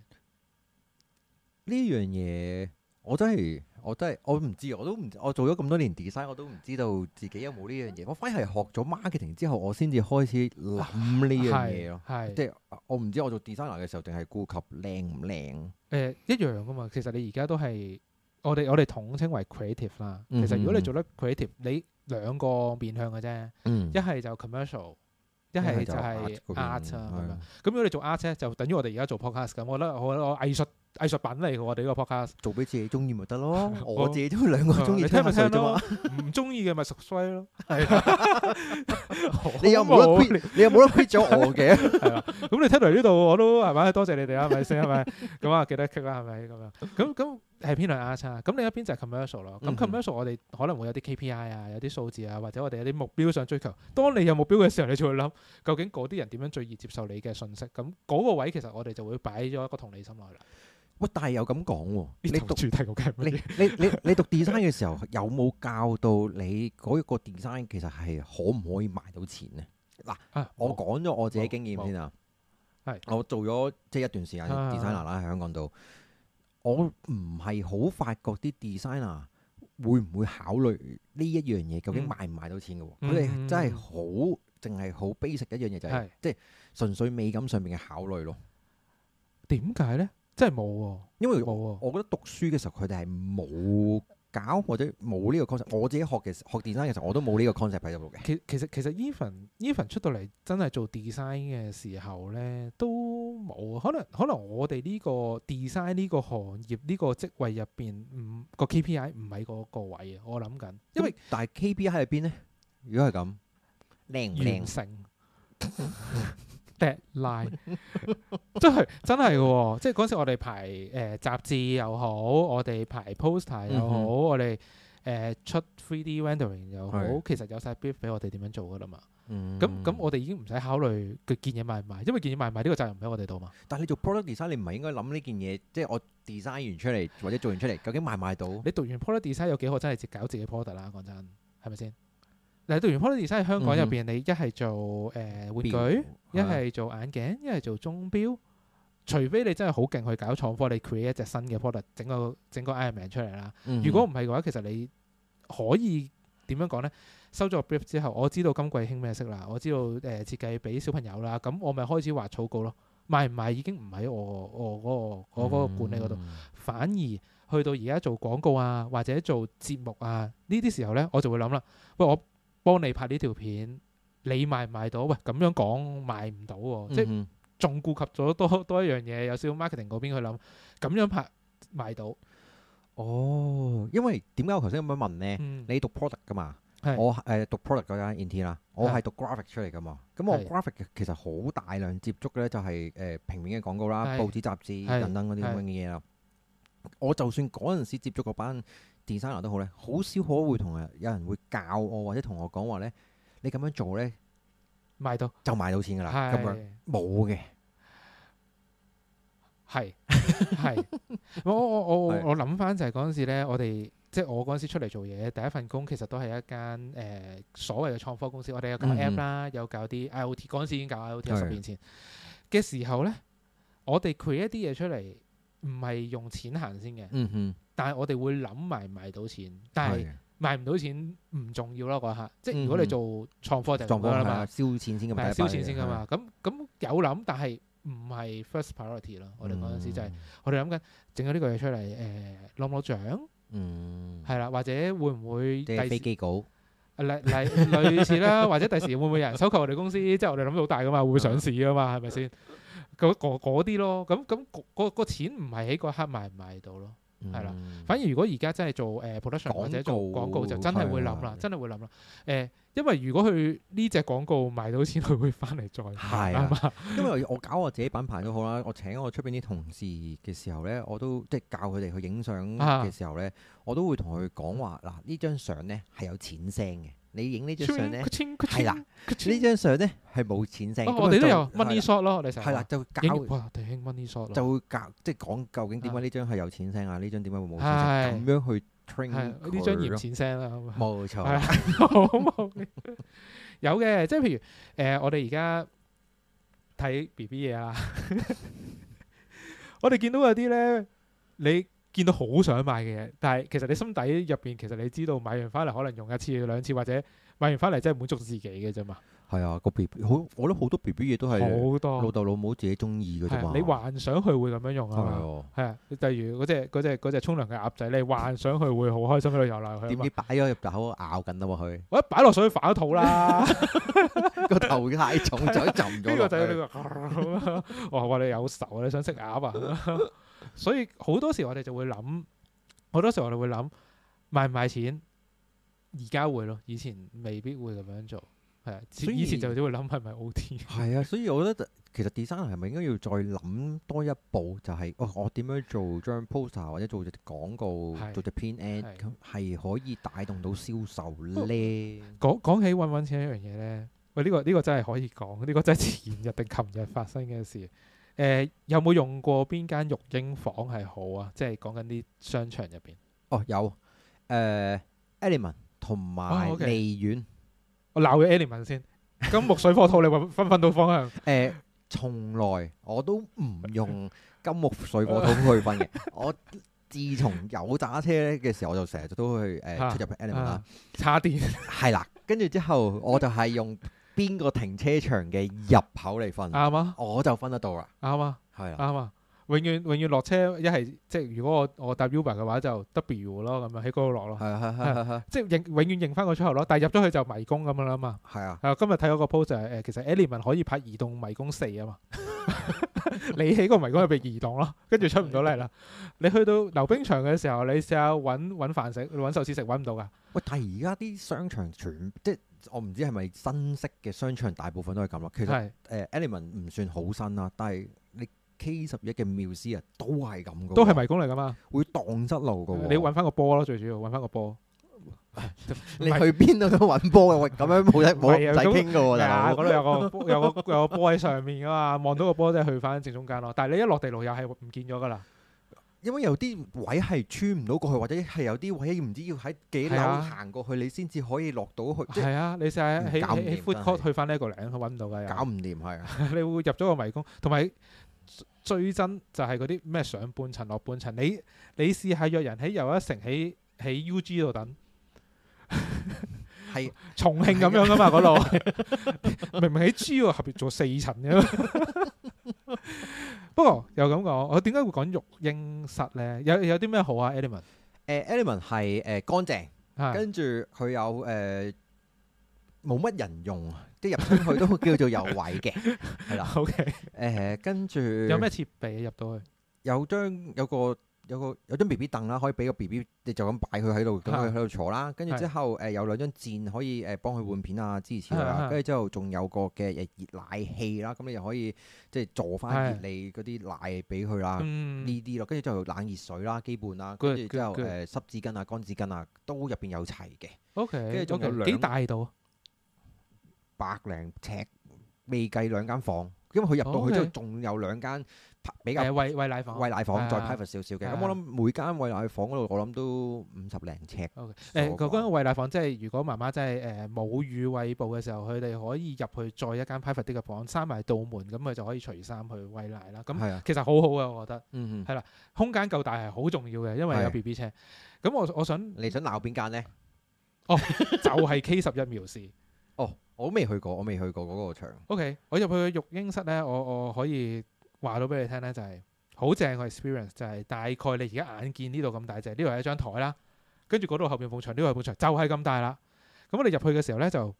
呢樣嘢，我真係我真係我唔知，我都唔我做咗咁多年 design，我都唔知道自己有冇呢樣嘢。我反而係學咗 marketing 之後，我先至開始諗呢樣嘢咯。即係我唔知我做 designer 嘅時候，定係顧及靚唔靚？誒、呃、一樣噶嘛。其實你而家都係我哋我哋統稱為 creative 啦。嗯、其實如果你做得 creative，你兩個面向嘅啫。一係、嗯、就 commercial。一係就係 art 啊咁樣，咁如果你做 art 咧就等於我哋而家做 podcast 咁，我覺得我我藝術藝術品嚟嘅我哋呢個 podcast，做俾自己中意咪得咯，我自己中意兩個中意聽咪聽咯，唔中意嘅咪熟衰咯。係啊，你有冇得 q 你又冇得 q 咗我嘅，係啊，咁你聽嚟呢度我都係咪？多謝你哋啊，咪先係咪？咁啊，記得 cut 啦，係咪咁樣？咁咁。係偏向 R 差，咁另一邊就 commercial 咯。咁 commercial 我哋可能會有啲 KPI 啊，有啲數字啊，或者我哋有啲目標想追求。當你有目標嘅時候，你就會諗究竟嗰啲人點樣最易接受你嘅信息。咁嗰個位其實我哋就會擺咗一個同理心落嚟。喂，但係又咁講，你讀你你你你讀 design 嘅時候，有冇教到你嗰個 design 其實係可唔可以賣到錢呢？嗱，我講咗我自己經驗先啊。係，我做咗即係一段時間 design 啦啦喺香港度。我唔係好發覺啲 designer 會唔會考慮呢一樣嘢？究竟賣唔賣到錢嘅？佢哋、嗯、真係好，淨係好 basic 一樣嘢就係，即係純粹美感上面嘅考慮咯。點解呢？真係冇喎，因為我我覺得讀書嘅時候佢哋係冇。搞或者冇呢個 concept，我自己學嘅時學 design 嘅時候，我都冇呢個 concept 喺入邊嘅。其其實其實 Even Even 出到嚟真係做 design 嘅時候咧，都冇，可能可能我哋呢個 design 呢個行業呢個職位入邊唔個 KPI 唔係嗰個位啊。我諗緊，因為但係 KPI 喺入邊咧？如果係咁，靚唔靚性。 s e line 真係真係嘅，即係嗰時我哋排誒雜誌又好，我哋排 poster 又好，嗯、哼我哋誒出 three D rendering 又好，是其實有晒 b i l 俾我哋點樣做噶啦嘛。咁咁、嗯、我哋已經唔使考慮佢件嘢賣唔賣，因為件嘢賣唔賣呢個責任唔喺我哋度嘛。但係你做 product design，你唔係應該諗呢件嘢，即係我 design 完出嚟或者做完出嚟究竟賣唔賣到？ 你讀完 product design 有幾可，真係搞自己 product 啦、啊，講真，係咪先？嗱，讀完 product design 喺香港入邊，你一係做誒玩具，一係做眼鏡，一係、嗯、哼做鐘錶。除非你真係好勁去搞創科，你 create 一隻新嘅 product，整個，個 Iron Man 出嚟啦。嗯、哼如果唔係嘅話，其實你可以點樣講呢？收咗個 brief 之後，我知道今季興咩色啦，我知道誒設計俾小朋友啦，咁我咪開始畫草稿咯。賣唔賣已經唔喺我我嗰、那個、個管理嗰度，嗯、哼反而去到而家做廣告啊，或者做節目啊，呢啲時候呢，我就會諗啦，喂我。幫你拍呢條片，你賣唔賣到？喂，咁樣講賣唔到喎，嗯嗯，即係仲顧及咗多多一樣嘢，有少少 marketing 嗰邊去諗，咁樣拍賣到。哦，因為點解我頭先咁樣問呢？嗯、你讀 product 噶嘛？是我誒讀 product 嗰間 Inti 啦，我係讀 graphic 出嚟噶嘛？咁是我 graphic 其實好大量接觸嘅咧、就係，就係誒平面嘅廣告啦、是報紙雜誌是等等嗰啲咁樣嘅嘢啦。是我就算嗰陣時接觸嗰班設計師啦都好咧，好少可會同人有人會教我或者同我講話咧，你咁樣做咧，賣到就賣到錢噶啦，咁是樣冇嘅，係係 我我我我我諗翻就係嗰陣時咧，我哋即係我嗰陣時、就是、時出嚟做嘢，第一份工其實都係一間誒、呃、所謂嘅創科公司，我哋有搞 App 啦，有搞啲 IoT，嗰陣時已經搞 IoT 十的年前嘅時候咧，我哋 create 一啲嘢出嚟。唔係用錢行先嘅，但係我哋會諗埋賣到錢，但係賣唔到錢唔重要咯，嗰下即係如果你做創科就係創科啦嘛，燒錢先咁樣先㗎嘛，咁咁有諗，但係唔係 first priority 咯。我哋嗰陣時就係我哋諗緊整咗呢個嘢出嚟，誒攞唔攞獎，係啦，或者會唔會即係飛機稿，類類類似啦，或者第時會唔會有人收購我哋公司？即係我哋諗到好大噶嘛，會上市噶嘛？係咪先？嗰啲咯，咁咁、那個個、那個錢唔係喺嗰刻賣唔賣到咯，係啦、嗯。反而如果而家真係做誒、呃、production 告或者做廣告，就真係會諗啦，的真係會諗啦。誒、呃，因為如果佢呢隻廣告賣到錢，佢會翻嚟再係啊的吧因為我搞我自己品牌都好啦，我請我出邊啲同事嘅時候咧，我都即係教佢哋去影相嘅時候咧，的我都會同佢講話嗱，呢、啊、張相咧係有錢聲嘅。你影呢張相咧，係啦，呢張相咧係冇錢聲。我哋都有 money shot 咯，你成係啦，就搞哇，弟兄 money shot 咯，就會夾即係講究竟點解呢張係有錢聲啊？呢張點解會冇錢聲？咁樣去 train 佢咯。呢張嫌錢聲啦，冇錯，冇冇。有嘅，即係譬如誒，我哋而家睇 BB 嘢啦，我哋見到有啲咧，你。見到好想買嘅嘢，但係其實你心底入邊，其實你知道買完翻嚟可能用一次兩次，或者買完翻嚟真係滿足自己嘅啫嘛。係啊，個 B 好，我覺得 BB 都好多 B B 嘢都係好多老豆老母自己中意嘅啫嘛。你幻想佢會咁樣用啊？係啊、嗯，例如嗰隻嗰隻嗰隻沖涼嘅鴨仔，你幻想佢會好開心喺度游。佢點知擺咗入嚿口咬緊啊？佢、啊、去？我一擺落水反肚啦，個頭太重咗就咁。呢個仔你話哇，你有仇啊？你想食鴨啊？ 所以好多時我哋就會諗，好多時我哋會諗賣唔賣錢，而家會咯，以前未必會咁樣做，係啊，所以，以前就只會諗係咪 OT。係啊，所以我覺得 其實 designer 係咪應該要再諗多一步，就係哦，我點樣做張 poster 或者做隻廣告，的做隻 print ad 係的可以帶動到銷售咧。講講起搵唔搵錢一樣嘢咧，喂呢個呢個真係可以講，呢個真係前日定琴日發生嘅事。誒、呃，有冇用過邊間育嬰房係好啊？即係講緊啲商場入邊。哦，有誒，Element 同埋利苑、哦 OK。我鬧佢 Element 先， 金木水火土你會分分到方向。誒、呃，從來我都唔用金木水火土去分嘅。 我自從有揸車咧嘅時候，我就成日都去誒出入 Element、啊啊、 啦。叉電係啦，跟住之後我就係用。邊個停車場嘅入口嚟分啱啊？我就分得到啦。啱啊，係是啊，啱啊。永遠永遠落車，一係即係如果我我搭 Uber 嘅話就 W 咯，咁樣喺嗰度落咯。係啊係係即係認永遠認翻個出口咯。但係入咗去就迷宮咁樣啦嘛。係是啊,啊，今日睇嗰個 post 係誒，其實《Element》可以拍《移動迷宮四》啊嘛。你起個迷宮係咪移動咯，跟住出唔到嚟啦。 你去到溜冰場嘅時候，你試下搵搵飯食，搵壽司食搵唔到噶。喂， 但係而家啲商場全即我唔知係咪新式嘅商場，大部分都係咁咯。其實誒，Element 唔算好新啦，但係你 K 十一嘅妙思啊，都係咁嘅。都係迷宮嚟㗎嘛，會盪失路嘅，嗯。你揾翻個波咯，最主要揾翻個波。 你去邊度都揾波咁樣冇得冇得傾嘅喎。係 是啊，嗰度就有個 有個有個波喺上面㗎嘛，望 到個波即係去翻正中間咯。但係你一落地路又係唔見咗㗎啦。因為有啲位係穿唔到過去，或者係有啲位唔知要喺幾樓行過去，你先至可以落到去。係是啊，是啊，你試下喺喺喺 Food Court 去翻呢個嶺，佢揾唔到㗎。搞唔掂係啊！你會入咗個迷宮。同埋最憎就係嗰啲咩上半層、落半層。你你試下約人喺又一城喺喺 U G 度等，係 是、啊、重慶咁樣㗎嘛？嗰度明明喺 G 喎，後邊做四層㗎。不過又咁講，我點解會講育嬰室咧？有有啲咩好啊？Elements，誒 Elements 係誒乾淨，是跟住佢有誒冇乜人用，即入到去都叫做有位嘅，係啦。OK，誒跟住有咩設備入到去？有張有個。有個有張 B B 凳啦，可以俾個 B B，你就咁擺佢喺度，咁佢喺度坐啦。跟住之後，誒、呃、有兩張墊可以誒、呃、幫佢換片啊、支持啊。跟、嗯、住、啊啊、之後，仲有個嘅熱熱奶器啦，咁你又可以即係坐翻熱你嗰啲奶俾佢啦。呢啲咯，跟住之後就冷熱水啦、基本啦。跟住之後，誒濕紙巾啊、乾紙巾啊，都入邊有齊嘅。O K，跟住總共兩幾、okay, okay, 大度百零尺，未計兩間房，因咁佢入到去之後，仲有兩間比較餵餵奶房，餵奶房再 private 少少嘅。咁我諗每間餵奶房嗰度，我諗都五十零尺。誒，嗰間餵奶房即係如果媽媽真係誒母乳餵哺嘅時候，佢哋可以入去再一間 private 啲嘅房，閂埋道門，咁佢就可以除衫去餵奶啦。咁其實好好嘅，我覺得。嗯，係啦，空間夠大係好重要嘅，因為有 B B 車。咁我我想你想鬧邊間呢？哦，就係 K 十一秒事。我未去過，我未去過嗰個場。OK，我入去育嬰室呢，我我可以話到俾你聽呢，就係好正個 experience，就係大概你而家眼見呢度咁大隻，呢度係一張台啦，跟住嗰度後邊埲牆，呢度係埲牆，就係咁大啦。咁我哋入去嘅時候呢，就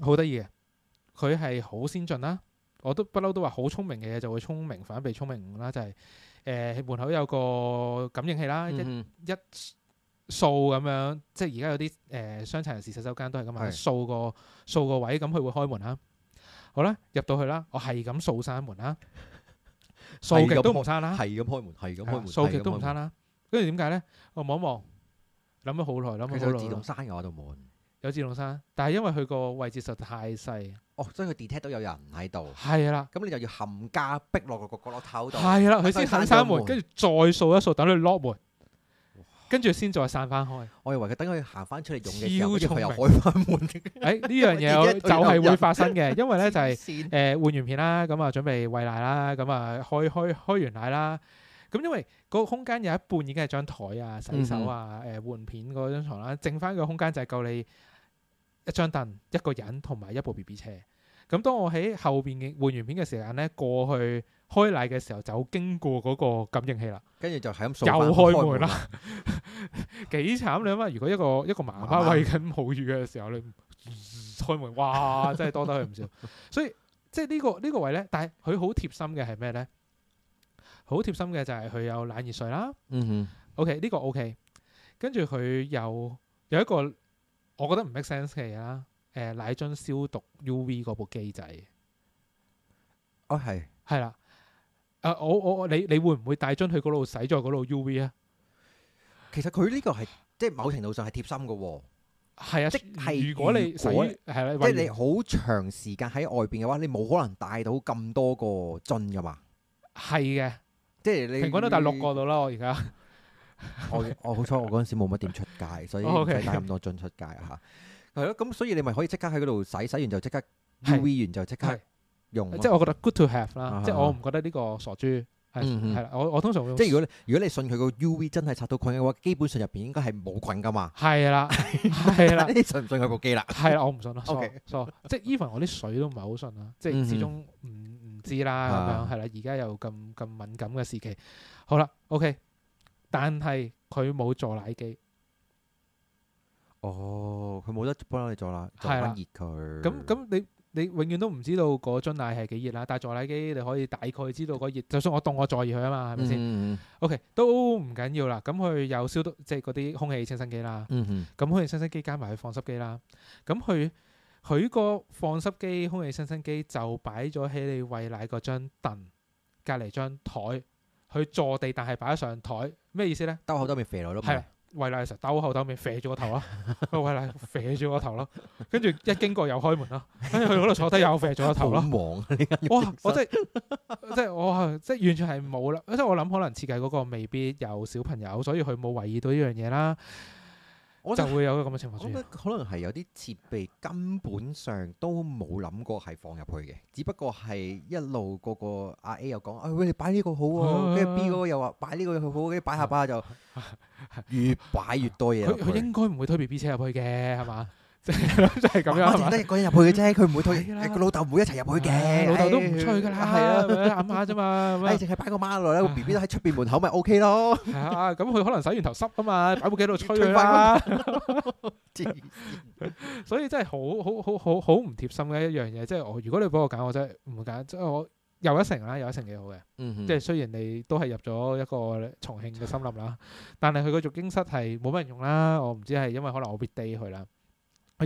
好得意嘅，佢係好先進啦。我都不嬲都話好聰明嘅嘢，就會聰明反被聰明誤啦。就係誒、呃、門口有個感應器啦，一一。嗯掃咁樣，即係而家有啲誒，傷殘人士洗手間都係咁啊！掃是的 個掃個位，咁佢會開門啊！的好啦，入到去啦，我係咁掃閂門啦，掃極都唔閂啦，係咁開門，係咁開門，掃極都唔閂啦。跟住點解咧？我望一望，諗咗好耐，諗咗。佢就自動閂我度門，嗯、有自動閂，但係因為佢個位置實在太細，哦，所以佢 detect 到有人喺度，係啦的。咁你就要冚家逼落個角落頭度，係啦的，佢先肯閂門，跟住再掃一掃，等佢 lock 門。跟住先再散翻開，我以為佢等佢行翻出嚟用嘅時候，佢又開翻門。誒，呢樣嘢就係會發生嘅， 腿 因為咧就係誒換完片啦，咁啊準備喂奶啦，咁啊開開開完奶啦，咁因為個空間有一半已經係張台啊、洗手啊、誒換、嗯呃、片嗰張牀啦，剩翻個空間就係夠你一張凳、 一個人同埋一部 B B 車。咁當我喺後邊嘅換完片嘅時間咧過去，開奶嘅時候就經過嗰個感應器啦，跟住就係咁，又開門啦，幾慘 你諗下，如果一個一個媽媽喂緊母乳嘅時候，你、呃、開門，哇，真係多得佢唔少。 所以即係、呢、呢個呢、呢個位咧，但係佢好貼心嘅係咩咧？好貼心嘅就係佢有冷熱水啦，OK 呢個 OK，跟住佢有有一個，我覺得唔 make sense 嘅嘢啦，誒、呃，奶樽消毒 UV 嗰部機仔。哦係，係啦。 啊！我我你你會唔會帶樽去嗰度洗咗嗰度 U V 啊？其實佢呢個係即係某程度上係貼心噶，哦，係啊，即係如，如果你洗即係你好長時間喺外邊嘅話，你冇可能帶到咁多個樽噶嘛。係嘅的，即係你平均都帶六個度啦。我而家我我好彩，我嗰陣時冇乜點出街， 所以唔使帶咁多樽出街啊。吓係咯，咁 所以你咪可以即刻喺嗰度洗，洗完就即刻 U V 完就即刻對。對即係我覺得 good to have 啦，即係我唔覺得呢個傻豬係啦，我我通常會即係如果如果你信佢個 UV 真係拆到菌嘅話，基本上入邊應該係冇菌㗎嘛。係啦，係啦，你信唔信佢部機啦？係啦，我唔信啦。O K，錯，即係 even 我啲水都唔係好信啦，即係始終唔唔知啦，咁樣係啦。而家又咁咁敏感嘅時期，好啦，O K，但係佢冇助奶機。哦，佢冇得幫你助奶，就温熱佢。咁咁你？你永遠都唔知道嗰樽奶係幾熱啦，但係坐奶機你可以大概知道嗰熱，就算我凍我坐熱佢啊嘛，係咪先？OK，都唔緊要啦。咁佢有消毒，即係嗰啲空氣清新機啦。咁空氣清新機加埋佢放濕機啦。咁佢佢個放濕機、空氣清新機就擺咗喺你餵奶嗰張凳隔離張台，佢坐地，但係擺咗上台，咩意思呢？兜口兜面肥來都係。餵奶嘅時候，兜口兜面，飛咗個頭啦！餵奶飛咗個頭咯，跟住 一經過又開門啦，跟住去嗰度坐低又飛咗個頭啦！好忙啊，哇！我真係真係我係真係完全係冇啦，即係我諗可能設計嗰個未必有小朋友，所以佢冇懷疑到呢樣嘢啦。我就會有個咁嘅情況，我覺得可能係有啲設備根本上都冇諗過係放入去嘅，只不過係一路嗰個阿 A 又講，啊、哎、喂，你擺呢個好喎、啊，跟、啊、B 嗰個又話擺呢個又好，跟住擺下擺下就越擺越多嘢入去佢 應該唔會推 B B 車入去嘅，係嘛？ 就係咁啦，媽咪淨得一個人入去嘅啫，佢唔會退。個老豆唔會一齊入去嘅，老豆都唔吹噶啦，咁樣啱下啫嘛。誒，淨係擺個媽落去，個 BB 喺出邊門口咪 OK 咯。係啊，咁佢可能洗完頭濕啊嘛，擺部機度吹啦。所以真係好好好好好唔貼心嘅一樣嘢。即係我，如果你畀我揀，我真係唔會揀。即係我又一城啦，又一城幾好嘅。嗯哼，即係雖然你都係入咗一個重慶嘅森林啦，但係佢個育嬰室係冇乜人用啦。我唔知係因為可能我別 day 佢啦。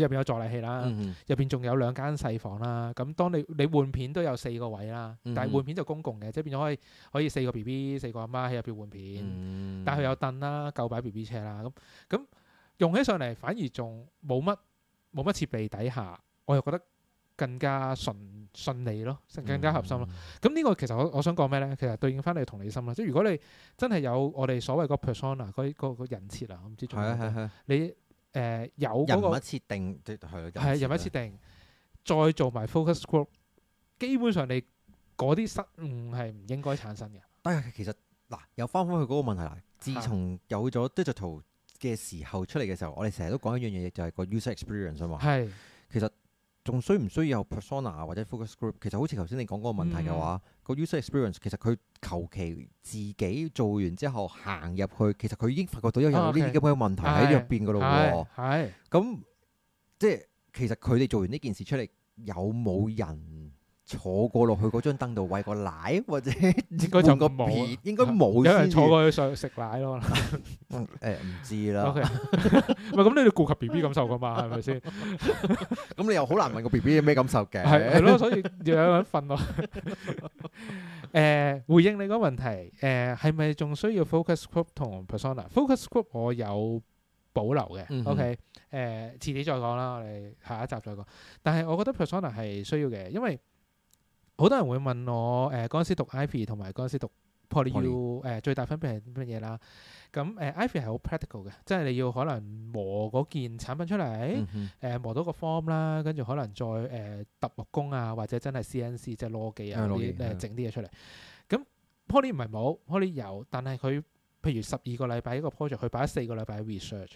入邊有助力器啦，入邊仲有兩間細房啦。咁當你你換片都有四個位啦，但係換片就公共嘅，即係變咗可以可以四個 B B 四個阿媽喺入邊換片。但係佢有凳啦，夠擺 B B 車啦。咁咁用起上嚟反而仲冇乜冇乜設備底下，我又覺得更加順順利咯，更加合心咯。咁呢個其實我我想講咩咧？其實對應翻你同理心啦。即係如果你真係有我哋所謂個 persona 嗰個人設啊，我唔知仲你。誒、呃、有嗰、那個人物設定，係人物設定，物定再做埋 focus group，基本上你嗰啲失誤係唔應該產生嘅。但係其實嗱，又翻返去嗰個問題啦。自從有咗 digital 嘅時候出嚟嘅時候，的我哋成日都講一樣嘢，就係、是、個 user experience 啊嘛的。係，其實。仲需唔需要有 persona 或者 focus group？其實好似頭先你講個問題嘅話、嗯、個 user experience 其實佢求其自己做完之後行入去，其實佢已經發覺到有呢啲咁嘅問題喺入邊嘅咯喎。係、哦，咁即係其實佢哋做完呢件事出嚟，有冇人？坐過落去嗰張凳度餵個奶，或者應該就個別應該冇。有人坐過去上食奶咯、 嗯。誒、欸，唔知啦。咪咁你哋顧及 B B 感受噶嘛，係咪先？咁你又好難問個 B B 有咩感受嘅。係 咯，所以要有人分咯。誒、嗯，回應你個問題，誒， 係咪仲需要 focus group 同 persona？focus group 我有保留嘅。O K。誒，遲啲再講啦，我哋下一集再講。但係我覺得 persona 係需要嘅，因為好多人會問我，誒嗰陣時讀 IVE 同埋嗰陣時讀 Poly U，誒、呃、最大分別係乜嘢啦？咁誒、呃、IVE 係好 practical 嘅，即係你要可能磨嗰件產品出嚟，誒、嗯哼呃、磨到個 form 啦，跟住可能再誒揼、呃、木工啊，或者真係 CNC 即係 log 啊啲整啲嘢出嚟。咁 Poly 唔係冇 Poly 有，但係佢譬如十二個禮拜一個 project，佢擺咗四個禮拜 research。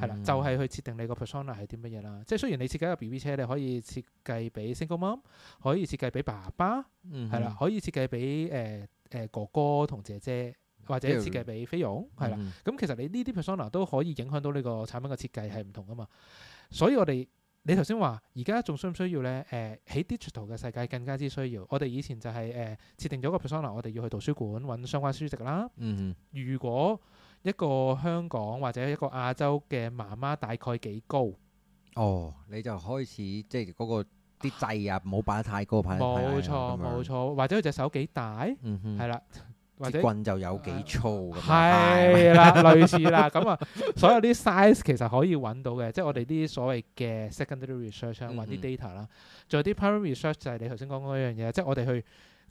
係啦，就係、是、去設定你個 persona 係啲乜嘢啦。即係雖然你設計個 BB 車，你可以設計俾 single mom，可以設計俾爸爸，係、嗯、哼啦，可以設計俾誒誒哥哥同姐姐，或者設計俾菲傭，係啦。咁、嗯、哼其實你呢啲 persona 都可以影響到呢個產品嘅設計係唔同㗎嘛。所以我哋你頭先話而家仲需唔需要咧？誒、呃、喺 digital 嘅世界更加之需要。我哋以前就係、是、誒、呃、設定咗個 persona，我哋要去圖書館揾相關書籍啦。嗯、哼如果一個香港或者一個亞洲嘅媽媽大概幾高？哦，你就開始即係嗰、嗰個啲、嗰個、掣啊，唔好擺得太高排。冇錯冇錯，或者佢隻手幾大？嗯哼，係啦了，或者棍就有幾粗？係啦，類似啦。咁啊，所有啲 size 其實可以揾到嘅，即係我哋啲所謂嘅 secondary research 揾啲 data 啦，仲有啲 primary research 就係你頭先講嗰樣嘢，即係我哋去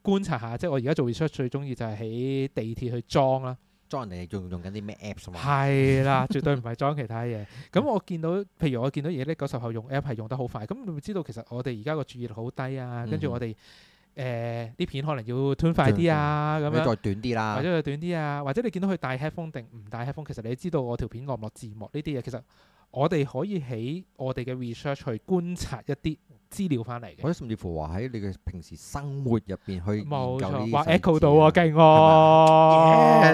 觀察下，即係我而家做 research 最中意就係喺地鐵去裝啦。裝你用用緊啲咩 apps 嘛，係啦，絕對唔係裝其他嘢。咁 我見到，譬如我見到嘢咧，九十後用 app 係用得好快。咁你會知道其實我哋而家個注意力好低啊。跟住、嗯、哼我哋誒啲片可能要 turn 快啲啊，咁、嗯、哼樣再短啲啦，或者短啲啊，或者你見到佢帶 headphone 定唔帶 headphone，其實你知道我條片落唔落字幕呢啲嘢。其實我哋可以喺我哋嘅 research 去觀察一啲。資料翻嚟嘅，我甚至乎話喺你嘅平時生活入邊去冇，研究呢啲嘢，話 echo 到啊，勁啊，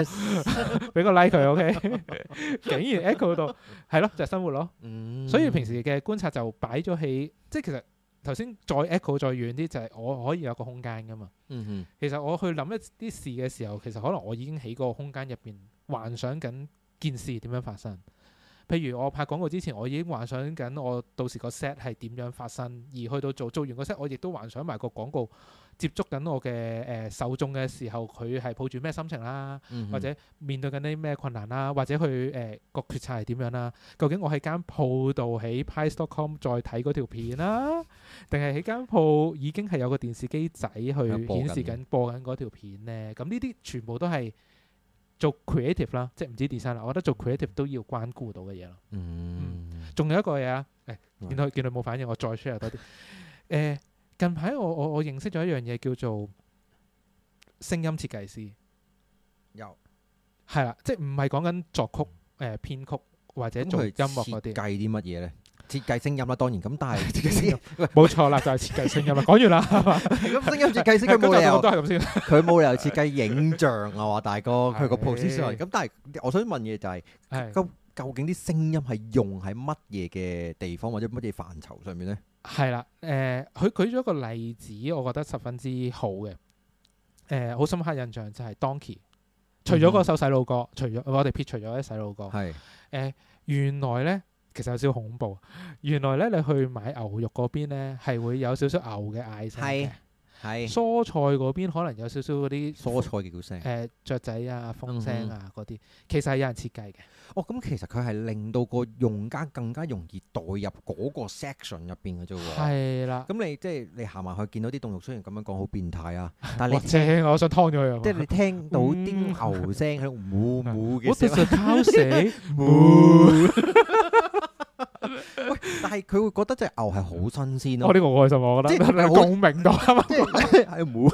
俾吧 Yes! 個 like 佢，OK？ 竟然 echo 到，係咯， 就係、是、生活咯。嗯、所以平時嘅觀察就擺咗喺，即係其實頭先再 echo 再遠啲，就係我可以有個空間噶嘛。嗯、哼其實我去諗一啲事嘅時候，其實可能我已經喺個空間入邊幻想緊件事點樣發生。譬如我拍廣告之前，我已經幻想緊我到時個 set 係點樣發生，而去到做做完個 set，我亦都幻想埋個廣告接觸緊我嘅誒、呃、受眾嘅時候，佢係抱住咩心情啦，嗯、哼或者面對緊啲咩困難啦，或者佢誒個決策係點樣啦？究竟我喺間鋪度喺 PiStock.com 再睇嗰條片啦、啊，定係喺間鋪已經係有個電視機仔去顯示緊播緊嗰條片呢？咁呢啲全部都係。做 creative 啦，即係唔知 design 啦，我覺得做 creative 都要關顧到嘅嘢咯。嗯，仲、嗯、有一個嘢啊，誒、哎，見到佢見冇反應，我再 share 多啲。誒、哎，近排我我我認識咗一樣嘢叫做聲音設計師。有，係啦、啊，即係唔係講緊作曲、誒、呃、編曲或者做音樂嗰啲，嗯嗯、計啲乜嘢咧？設計聲音啦，當然咁，但係設計聲音冇錯啦，就係設計聲音啦。講完啦，咁聲音設計先，佢冇理由，佢冇理由設計影像啊，話大哥，佢個 process 上。咁但係，我想問嘢就係，究竟啲聲音係用喺乜嘢嘅地方，或者乜嘢範疇上面咧？係啦，誒，佢舉咗個例子，我覺得十分之好嘅，誒，好深刻印象就係 Donkey。除咗嗰首細路歌，除咗我哋撇除咗啲細路歌，係，誒，原來咧。其實有少少恐怖，原來咧你去買牛肉嗰邊咧，係會有少少牛嘅嗌聲嘅，係蔬菜嗰邊可能有少少嗰啲蔬菜嘅叫聲，誒、呃、雀仔啊、風聲啊嗰啲、嗯，其實係有人設計嘅。哦，咁其實佢係令到個用家更加容易代入嗰個 section 入邊嘅啫喎。係啦，咁你即係你行埋去見到啲凍肉，雖然咁樣講好變態啊，但係正啊，我想劏咗佢。即係你聽到啲牛聲響，唔唔嘅聲響，我想劏死。唔，但係佢會覺得隻牛係好新鮮咯。我呢個開心，我覺得即係共鳴到。即係係唔，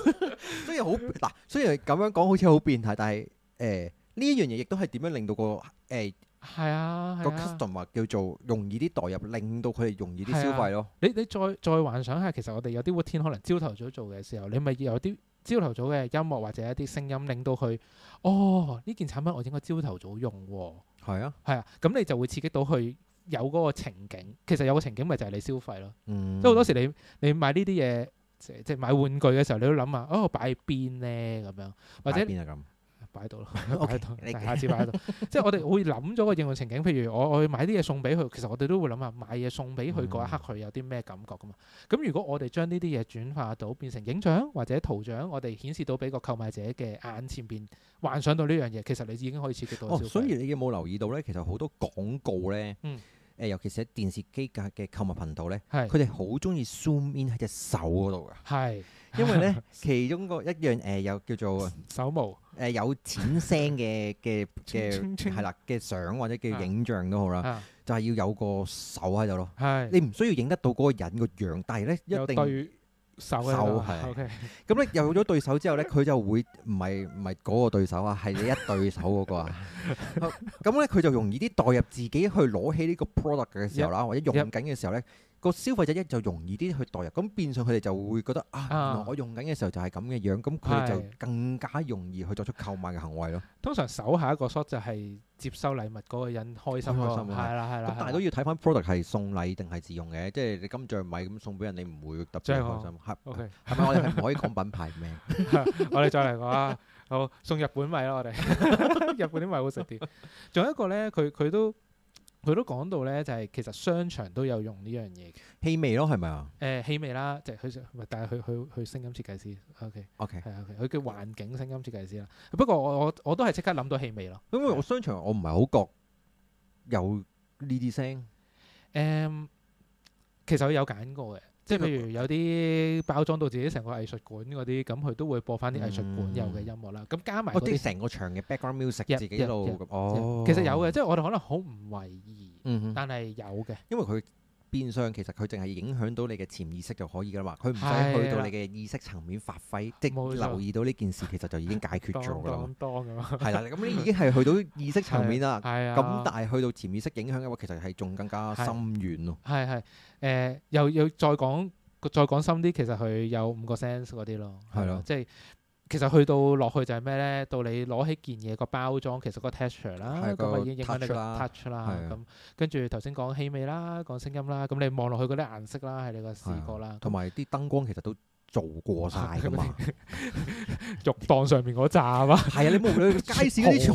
雖然好嗱，雖然咁樣講好似好變態，但係誒。呢一樣嘢亦都係點樣令到個誒係、呃、啊，啊個 customer 話、er、叫做容易啲代入，令到佢哋容易啲消費咯。啊、你你再再幻想下，其實我哋有啲 routine 可能朝頭早做嘅時候，你咪要有啲朝頭早嘅音樂或者一啲聲音，令到佢哦呢件產品我應該朝頭早用喎。係啊，係啊，咁、啊、你就會刺激到佢有嗰個情景。其實有個情景咪就係你消費咯。即係好多時你你買呢啲嘢，即即買玩具嘅時候，你都諗下：「哦擺喺邊呢？咁樣，或者擺喺度咯，擺度，okay, 下次擺度。 即係我哋會諗咗個應用情景，譬 如我我去買啲嘢送俾佢，其實我哋都會諗下：買嘢送俾佢嗰一刻，佢有啲咩感覺噶嘛？咁如果我哋將呢啲嘢轉化到變成影像或者圖像，我哋顯示到俾個購買者嘅眼前邊，幻想到呢樣嘢，其實你已經可以刺激到。哦，所以你有冇留意到咧？其實好多廣告咧，誒，嗯，尤其是喺電視機架嘅購物頻道咧，係，佢哋好中意 zoom in 喺隻手嗰度噶，係的。因為咧，其中個一樣誒，有叫做手模誒，有錢聲嘅嘅嘅係啦，嘅相或者叫影像都好啦，就係要有個手喺度咯。係你唔需要影得到嗰個人個樣，但係咧一定對手手係。咁咧有咗對手之後咧，佢就會唔係唔係嗰個對手啊，係你一對手嗰個啊。咁咧佢就容易啲代入自己去攞起呢個 product 嘅時候啦，或者用緊嘅時候咧。個消費者一就容易啲去代入，咁變相佢哋就會覺得啊，原來我用緊嘅時候就係咁嘅樣，咁佢哋就更加容易去作出購買嘅行為咯。通常首下一個 shot 就係接收禮物嗰個人開心咯，係啦係啦。吧嗯、但係都要睇翻 product 係送禮定係自用嘅，即係你金像米咁送俾人，你唔會特別開心。係咪？Okay. 我哋係唔可以講品牌名？ 我哋再嚟講啊，好送日本米咯，我 哋日本啲米好食啲。仲有一個咧，佢佢都。佢都講到呢，就係其實商場都有用呢樣嘢嘅氣味咯，係咪啊？誒氣味啦，就佢但係佢佢佢聲音設計師，OK OK，佢叫環境聲音設計師啦。不過我我我都係即刻諗到氣味咯。因為我商場我唔係好覺有呢啲聲，誒、嗯，其實我有揀過嘅。即係譬如有啲包裝到自己成個藝術館嗰啲，咁佢都會播返啲藝術館有嘅音樂啦。咁、嗯、加埋嗰啲成個場嘅 background music 自己一路，嗯嗯嗯嗯、哦，其實有嘅，即係、嗯嗯、我哋可能好唔為意，但係有嘅。因為佢。變相其實佢淨係影響到你嘅潛意識就可以㗎啦嘛，佢唔使去到你嘅意識層面發揮，的即留意到呢件事其實就已經解決咗啦。咁多㗎嘛？係、嗯、啦，咁你已經係去到意識層面啦。咁但係去到潛意識影響嘅話，其實係仲更加深遠咯。係係，誒、呃，又要再講再講深啲，其實佢有五個 sense 嗰啲咯，係咯的，的即係。其實去到落去就係咩咧？到你攞起件嘢個包裝，其實個 texture 啦，咁啊已經影響你啦，touch 啦，咁的、嗯、跟住頭先講氣味啦，講聲音啦，咁你望落去嗰啲顏色啦，係你個視覺啦，同埋啲燈光其實都做過晒噶嘛。肉 檔上面嗰咋嘛？係啊！ 你冇你街市嗰啲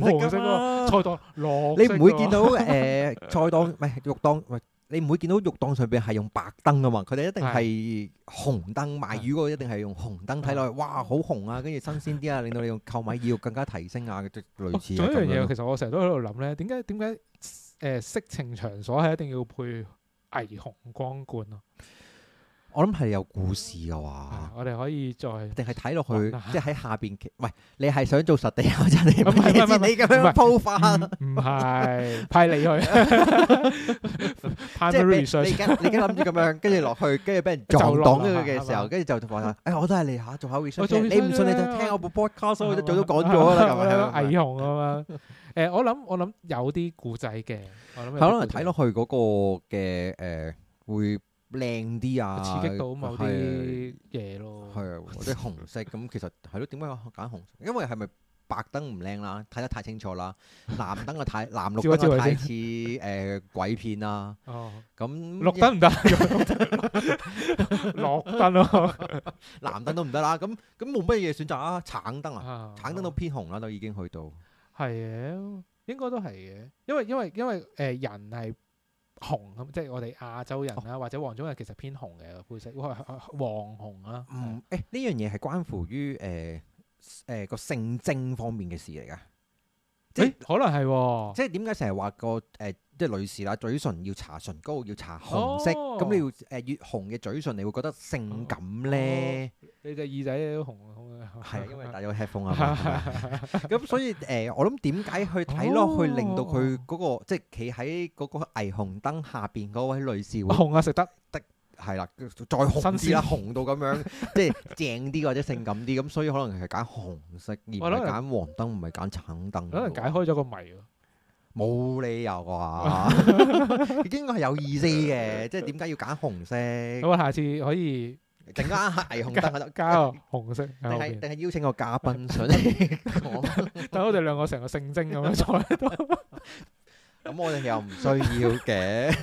紅色嘅菜檔，你唔會見到誒、呃、菜 檔，唔係肉檔。你唔會見到肉檔上邊係用白燈㗎嘛，佢哋一定係紅燈賣的，魚嗰個一定係用紅燈睇落去，的哇好紅啊，跟住新鮮啲啊，令到你用購買意欲更加提升啊，類似呢咁樣。仲有一樣嘢，其實我成日都喺度諗呢：點解點解誒色情場所係一定要配霓虹光管啊？我諗係有故事嘅話，我哋可以再定係睇落去，即係喺下邊。喂，你係想做實地啊？真係唔係唔係唔係，你咁樣鋪翻？唔係派你去，派 research。你而家你而家諗住咁樣，跟住落去，跟住俾人撞檔咗佢嘅時候，跟住就同我話：哎呀，我都係嚟吓，做下 research。你唔信你就聽我部 podcast，我早都講咗啦。有啲危雄啊嘛。誒，我諗我諗有啲故仔嘅。可能，睇落去嗰個嘅誒會。靚啲啊！刺激到某啲嘢咯，係啊，即係紅色咁。其實係咯，點解揀紅色？因為係咪白燈唔靚啦，睇得太清楚啦。藍燈啊，太藍，綠燈啊，太似誒鬼片啦。咁綠燈唔得，綠燈咯，藍燈都唔得啦。咁咁冇乜嘢選擇啊。橙燈啊，橙燈都偏紅啦，都已經去到。係啊，應該都係嘅，因為因為因為誒人係。紅咁，即係我哋亞洲人啦，哦、或者黃種人其實偏紅嘅配色，哇，黃紅啊！唔、嗯，誒是，呢樣嘢係關乎於誒誒個性徵方面嘅事嚟㗎，誒、欸，可能係、啊，即係點解成日話個誒？呃即係女士啦，嘴唇要搽唇膏，要搽紅色。咁你要誒越紅嘅嘴唇，你會覺得性感咧。你對耳仔都紅啊！係啊，因為戴咗 headphone 啊嘛。咁所以誒，我諗點解去睇落去，令到佢嗰個即係企喺嗰個霓虹燈下邊嗰位女士會紅啊，食得的係啦，再紅啲啦，紅到咁樣即係正啲或者性感啲。咁所以可能係揀紅色，而唔係揀黃燈，唔係揀橙燈。可能解開咗個謎啊！冇理由啩，應該係有意思嘅，即係點解要揀紅色？咁下次可以整啱下霓虹燈喺度加個紅色。定係定係邀請個嘉賓上嚟講，等我哋兩個成個聖征咁樣坐喺度。咁我哋又唔需要嘅，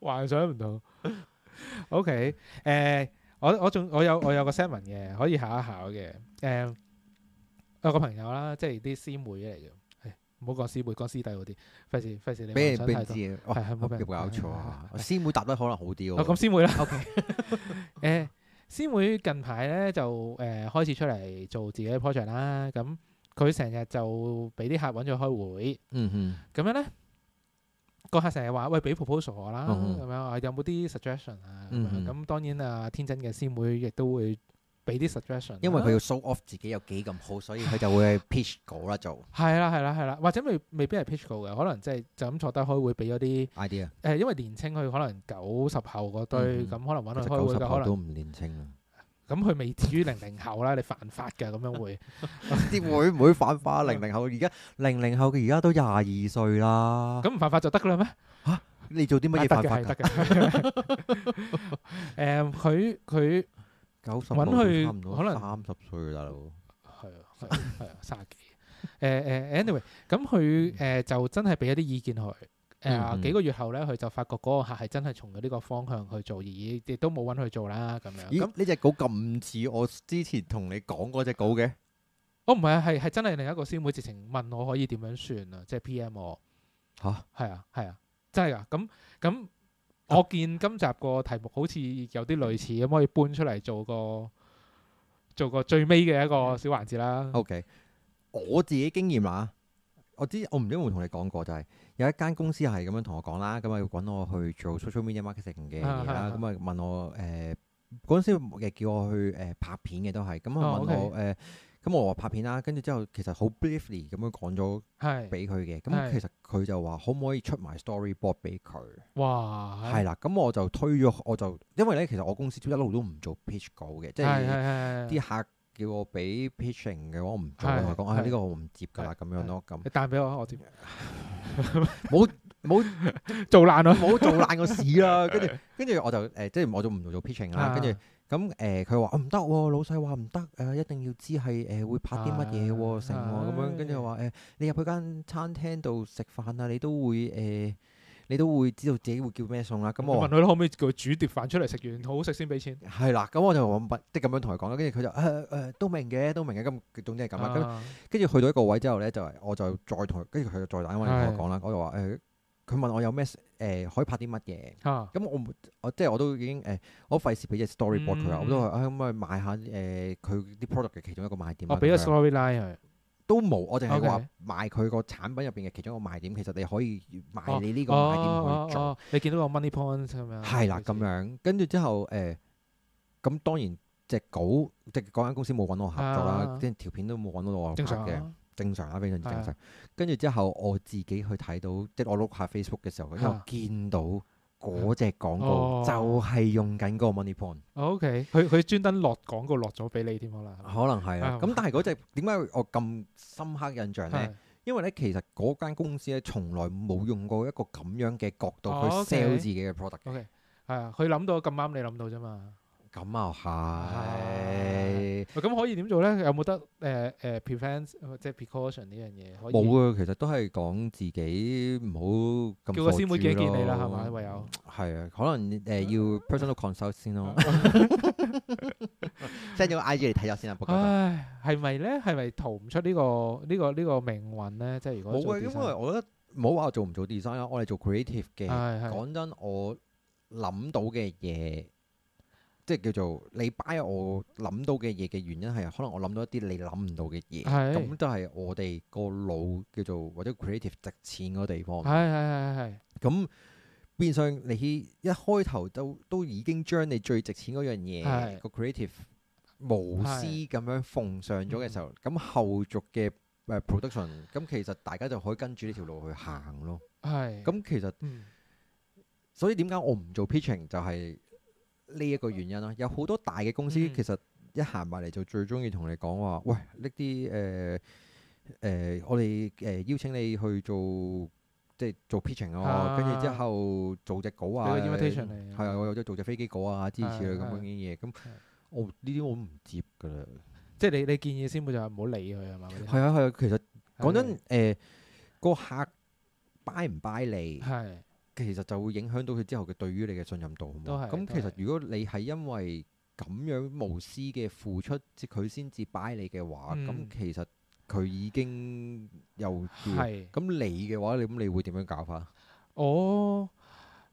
幻想唔到。OK，誒，我我仲我有我有個 statement 嘅，可以考一考嘅。誒，有個朋友啦，即係啲師妹嚟嘅。唔好講師妹，講師弟嗰啲，費事費事你俾人俾人知啊！係係冇搞錯啊！師妹答得可能好啲喎。咁師妹啦。OK，誒師妹近排咧就誒開始出嚟做自己嘅 project 啦。咁佢成日就俾啲客揾佢開會。嗯嗯。咁樣咧，個客成日話：喂，俾 proposal 啦，咁樣啊，有冇啲 suggestion 啊？咁當然啊，天真嘅師妹亦都會。俾啲 suggestion，因為佢要 show off 自己有幾咁好，所以佢就會去 pitch 過啦做。係啦，係啦，係啦，或者未未必係 pitch 過嘅，可能即係就咁坐低開會俾咗啲 idea。誒，因為年青，佢可能九十後嗰堆咁，可能揾到九十後嘅可能都唔年青咁，佢未至於零零後啦，你犯法嘅？咁樣會啲會唔會犯法？零零後，而家零零後佢而家都廿二歲啦。咁唔犯法就得嘅啦咩？嚇，你做啲乜嘢犯法？得嘅，誒，佢佢。搵佢他可能三十歲大佬哥，係啊係啊三十幾誒誒，anyway 咁佢誒就真係俾一啲意見佢誒、嗯嗯、幾個月後咧，佢就發覺嗰個客係真係從佢呢個方向去做，而亦都冇搵佢做啦咁樣。咁呢隻稿咁似我之前同你講嗰隻稿嘅？樣咦哦，唔係啊，係係真係另一個師妹直情問我可以點樣算、就是、啊？即係 PM 我嚇，係啊係啊真係啊。咁咁。我見今集個題目好似有啲類似，咁可以搬出嚟做個做個最尾嘅一個小環節啦。OK，我自己經驗啊，我知我唔知有冇同你講過，就係、是、有一間公司係咁樣同我講啦，咁啊要揾我去做 social media marketing 嘅嘢啦，咁啊，啊問我誒嗰陣時嘅叫我去誒、呃、拍片嘅都係，咁啊問我誒。啊 okay. 咁我話拍片啦，跟住之後其實好 briefly 咁樣講咗俾佢嘅，咁其實佢就話可唔可以出埋 storyboard 俾佢？哇！係啦，咁我就推咗，我就因為咧，其實我公司一路都唔做 pitch 稿嘅，即係啲客叫我俾 pitching 嘅話，我唔做，我講啊，呢個我唔接噶啦，咁樣咯，咁。你帶俾我，我接。冇冇做爛啊！冇做爛個屎啦！跟住跟住我就誒，即係我就唔做 pitching 啦。跟住。咁誒，佢話唔得，老細話唔得，誒一定要知係誒會拍啲乜嘢餸咁樣，跟住我話誒，你入去間餐廳度食飯啊，你都會誒，uh, 你都會知道自己會叫咩餸啦。咁我問佢可唔可以叫佢煮碟飯出嚟食完，好好食先俾錢？係啦、嗯，咁我就話唔得，即咁樣同佢講啦。跟住佢就誒誒，都明嘅，都明嘅。咁總之係咁啦。跟住去到一個位之後咧，就我就再同，佢，跟住佢就再打電話同我講啦。我、嗯、就話誒。佢問我有咩誒可以拍啲乜嘢？啊！咁我我即係我都已經誒，我都費事俾隻 storyboard 佢啊！我都話可唔可以賣下誒佢啲 product 嘅其中一個賣點。我俾 storyline 都冇，我淨係話賣佢個產品入邊嘅其中一個賣點。其實你可以賣你呢個賣點去做。你見到個 money point 咁樣？係啦，咁樣跟住之後誒，咁當然隻稿即係嗰間公司冇揾我合作啦，即係條片都冇揾到到我拍嘅。正常啊，非常正常。跟住之後，我自己去睇到，啊、即係我碌下 Facebook 嘅時候，佢我、啊、見到嗰隻廣告、啊哦、就係用緊嗰個 MoneyPoint、哦、O.K. 佢佢專登落廣告落咗俾你添，可能、啊。可能係啦。咁但係嗰隻點解我咁深刻印象咧？啊、因為咧其實嗰間公司咧從來冇用過一個咁樣嘅角度去 sell 自己嘅 product。O.K. 係、哦 okay, okay，啊，佢諗到咁啱你諗到啫嘛。咁又，係。咁可以點做咧？有冇得誒誒 prevent 即係 precaution 呢樣嘢可以？冇啊，其實都係講自己唔好咁。叫個師妹見一見你啦，係咪？唯有。係啊，可能誒要 personal consult 先咯。send 咗個 IG 嚟睇下先啊，博君。唉，係咪咧？係咪逃唔出呢個呢個呢個命運咧？即係如果冇啊，因為我覺得唔好話我做唔做 design 啊，我係做 creative 嘅。講真，我諗到嘅嘢。即係叫做你 buy 我諗到嘅嘢嘅原因係，可能我諗到一啲你諗唔到嘅嘢，咁都係我哋個腦叫做或者 creative 值錢嗰地方。係係係係。咁變相你一開頭都都已經將你最值錢嗰樣嘢個 creative 無私咁樣奉上咗嘅時候，咁是後續嘅誒 production，咁、嗯、其實大家就可以跟住呢條路去行咯。係是。咁其實，嗯、所以點解我唔做 pitching 就係、是？呢一個原因咯。有好多大嘅公司其實一行埋嚟就最中意同你講話，喂，呢啲誒誒，我哋誒邀請你去做即係做 pitching 咯、哦。啊」跟住之後做隻稿啊個 invitation 係、嗯、啊，我有咗做隻飛機稿啊支持類咁、啊啊、樣嘅嘢，咁、啊啊、我呢啲、啊、我唔接噶啦，即係你你建議先冇就係唔好理佢啊嘛，係啊係啊，其實講的真誒，個、呃、客 buy 唔 buy 你係。的其實就會影響到佢之後佢對於你嘅信任度，咁是其實如果你係因為咁樣無私嘅付出，即佢先至擺你嘅話，咁、嗯、其實佢已經又咁是你嘅話，你咁你會點樣搞法？哦。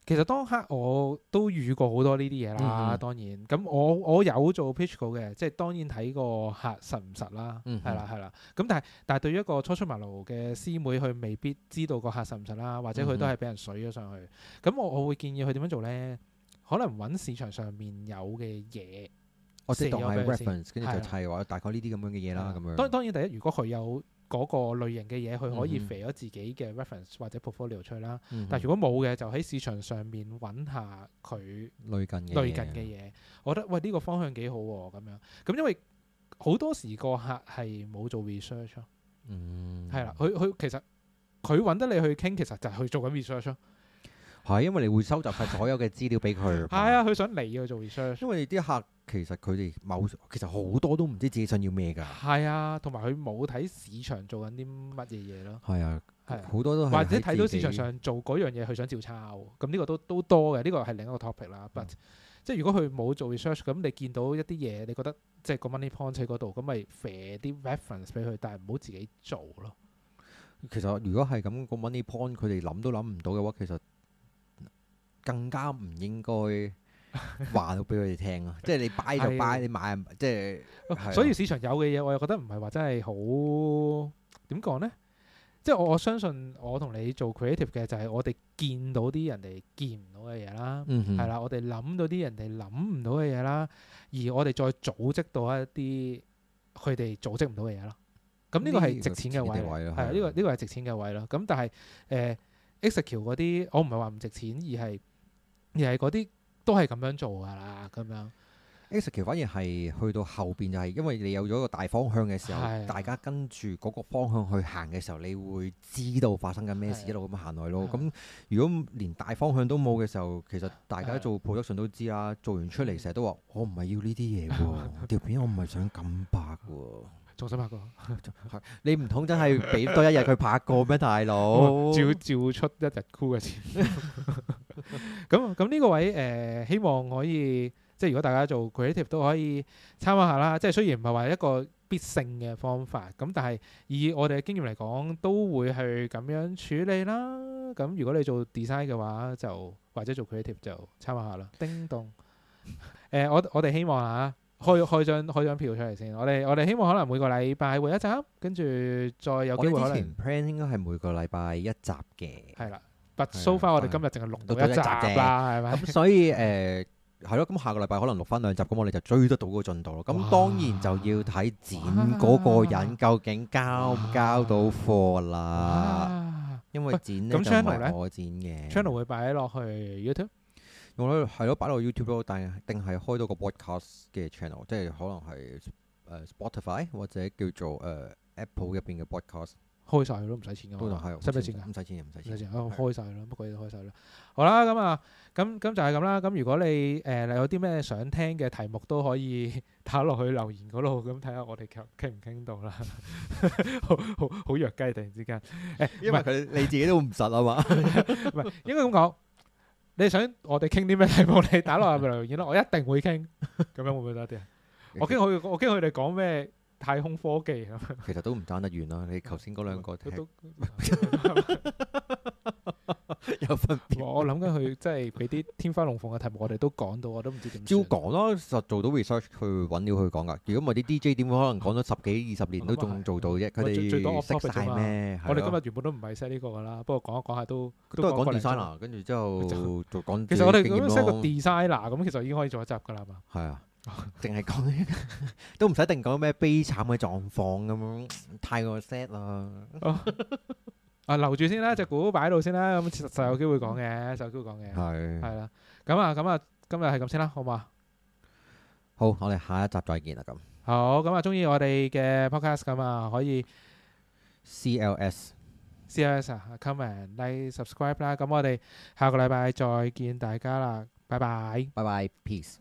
其實當刻我都遇過好多呢啲嘢啦，當然咁我我有做 pitch 嘅，即係當然睇個客實唔實啦，係啦係啦。咁但係但係對於一個初出茅廬嘅師妹，佢未必知道個客實唔實啦，或者佢都係俾人水咗上去。咁我、嗯、哼我會建議佢點樣做咧？可能揾市場上面有嘅嘢，我 ce，先當 reference，跟住就係啦大概呢啲咁樣嘅嘢啦。咁樣，當然當然第一，如果佢有。嗰個類型嘅嘢，佢可以肥咗自己嘅 reference 或者 portfolio 出去啦。嗯、哼但如果冇嘅，就喺市場上面揾下佢類近類近嘅嘢。我覺得喂呢、呢個方向幾好咁樣。咁因為好多時個客係冇做 research，係啦。佢佢、嗯、哼其實佢揾得你去傾，其實就係去做緊 research。咯。係因為你會收集曬所有嘅資料俾佢。係啊， 佢想嚟要做 research，因為啲客。其實佢哋某其實好多都唔知自己想要咩㗎，係啊，同埋佢冇睇市場做緊啲乜嘢嘢咯，係啊，好多都係或者睇到市場上做嗰樣嘢，佢想照抄，咁呢個都都多嘅，呢、這個係另一個 topic 啦。But、嗯、即係如果佢冇做 research，咁你見到一啲嘢，你覺得即係、就是、個 money point 喺嗰度，咁咪射啲 reference 俾佢，但係唔好自己做咯。其實如果係咁個 money point，佢哋諗都諗唔到嘅話，其實更加唔應該。話到俾佢哋聽咯，即係你 buy 就 buy，你買即係， 所以市場有嘅嘢，我又覺得唔係話真係好點講呢？即係我我相信我同你做 creative 嘅，就係我哋見到啲人哋見唔到嘅嘢啦，係啦，我哋諗到啲人哋諗唔到嘅嘢啦，而我哋再組織到一啲佢哋組織唔到嘅嘢咯。咁呢個係值錢嘅位係呢個呢個係值錢嘅位咯。咁的但係誒，execute 嗰啲，我唔係話唔值錢，而係而係啲。都係咁樣做噶啦，咁樣。A 十、er、反而係去到後邊就係、是，因為你有咗個大方向嘅時候，的大家跟住嗰個方向去行嘅時候，你會知道發生緊咩事，的一路咁行落去咯。咁的如果連大方向都冇嘅時候，其實大家做 production 都知啦、啊，的做完出嚟成日都話：我唔係要呢啲嘢喎， 條片我唔係想咁白喎。重新拍過， 你唔通真係俾多一日佢拍過咩，大佬？照照出一日箍嘅錢。 咁咁呢個位誒、呃，希望可以即係如果大家做 creative 都可以參考下啦。即係雖然唔係話一個必勝嘅方法，咁但係以我哋嘅經驗嚟講，都會去咁樣處理啦。咁如果你做 design 嘅話，就或者做 creative 就參考下啦。叮咚，誒、 呃、我我哋希望嚇、啊。開開張開張票出嚟先，我哋我哋希望可能每個禮拜會一集，跟住再有機會可能。我之前 plan 應該係每個禮拜一集嘅。係啦，but so far 我哋今日淨係錄到一集啦，係咪？咁所以誒係咯，咁下個禮拜可能錄翻兩集，咁我哋就追得到嗰個進度咯。咁當然就要睇剪嗰個人究竟交唔交到貨啦。因為剪咧就唔係我剪嘅。Channel 會擺落去 YouTube。我咧係咯，擺落 YouTube 咯，但係定係開到個 broadcast 嘅 channel，即係可能係誒 Spotify 或者叫做誒 Apple 入邊嘅 broadcast，開曬佢，唔使錢噶嘛，使唔使錢啊？唔使錢唔使錢，開曬啦，不過都開曬啦。好啦，咁啊，咁咁就係咁啦。咁如果你誒、呃、有啲咩想聽嘅題目，都可以打落去留言嗰度，咁睇下我哋傾唔傾到啦。好好弱雞，突然之間，誒， 因為佢你自己都唔實啊嘛，唔 係 應該咁講。你想我哋傾啲咩題目？你打落嚟留言咯， 我一定會傾。咁樣會唔會得啲？ 我驚佢，我驚佢哋講咩？太空科技 其實都唔爭得完咯。你頭先嗰兩個都有分別。我諗緊佢即係俾啲天花龍鳳嘅題目，我哋都講到，我都唔知點。照講啦，實做到 research 去揾料去講噶。如果唔係啲 DJ 點會可能講咗十幾二十年都仲做到啫？佢哋 識曬咩？ 我哋今日原本都唔係 set 呢個噶啦，不過講一講下都都係講 designer。跟住之後其實我哋如果 set 個 designer 咁，其實已經可以做一集噶啦嘛。係啊。 淨係講都唔使一定講咩悲慘嘅狀況咁樣，太過 sad 啦。啊，留住先啦，隻股擺喺度先啦，咁實有機會講嘅，就有機會講嘅。係係啦，咁啊，咁啊，今日係咁先啦，好唔好？好，我哋下一集再見啦，咁。好，咁啊，中意我哋嘅 podcast 咁啊，可以 CLS，CLS CL 啊，Comment, Like, Subscribe 啦。咁我哋下個禮拜再見大家啦，拜拜，拜拜，peace。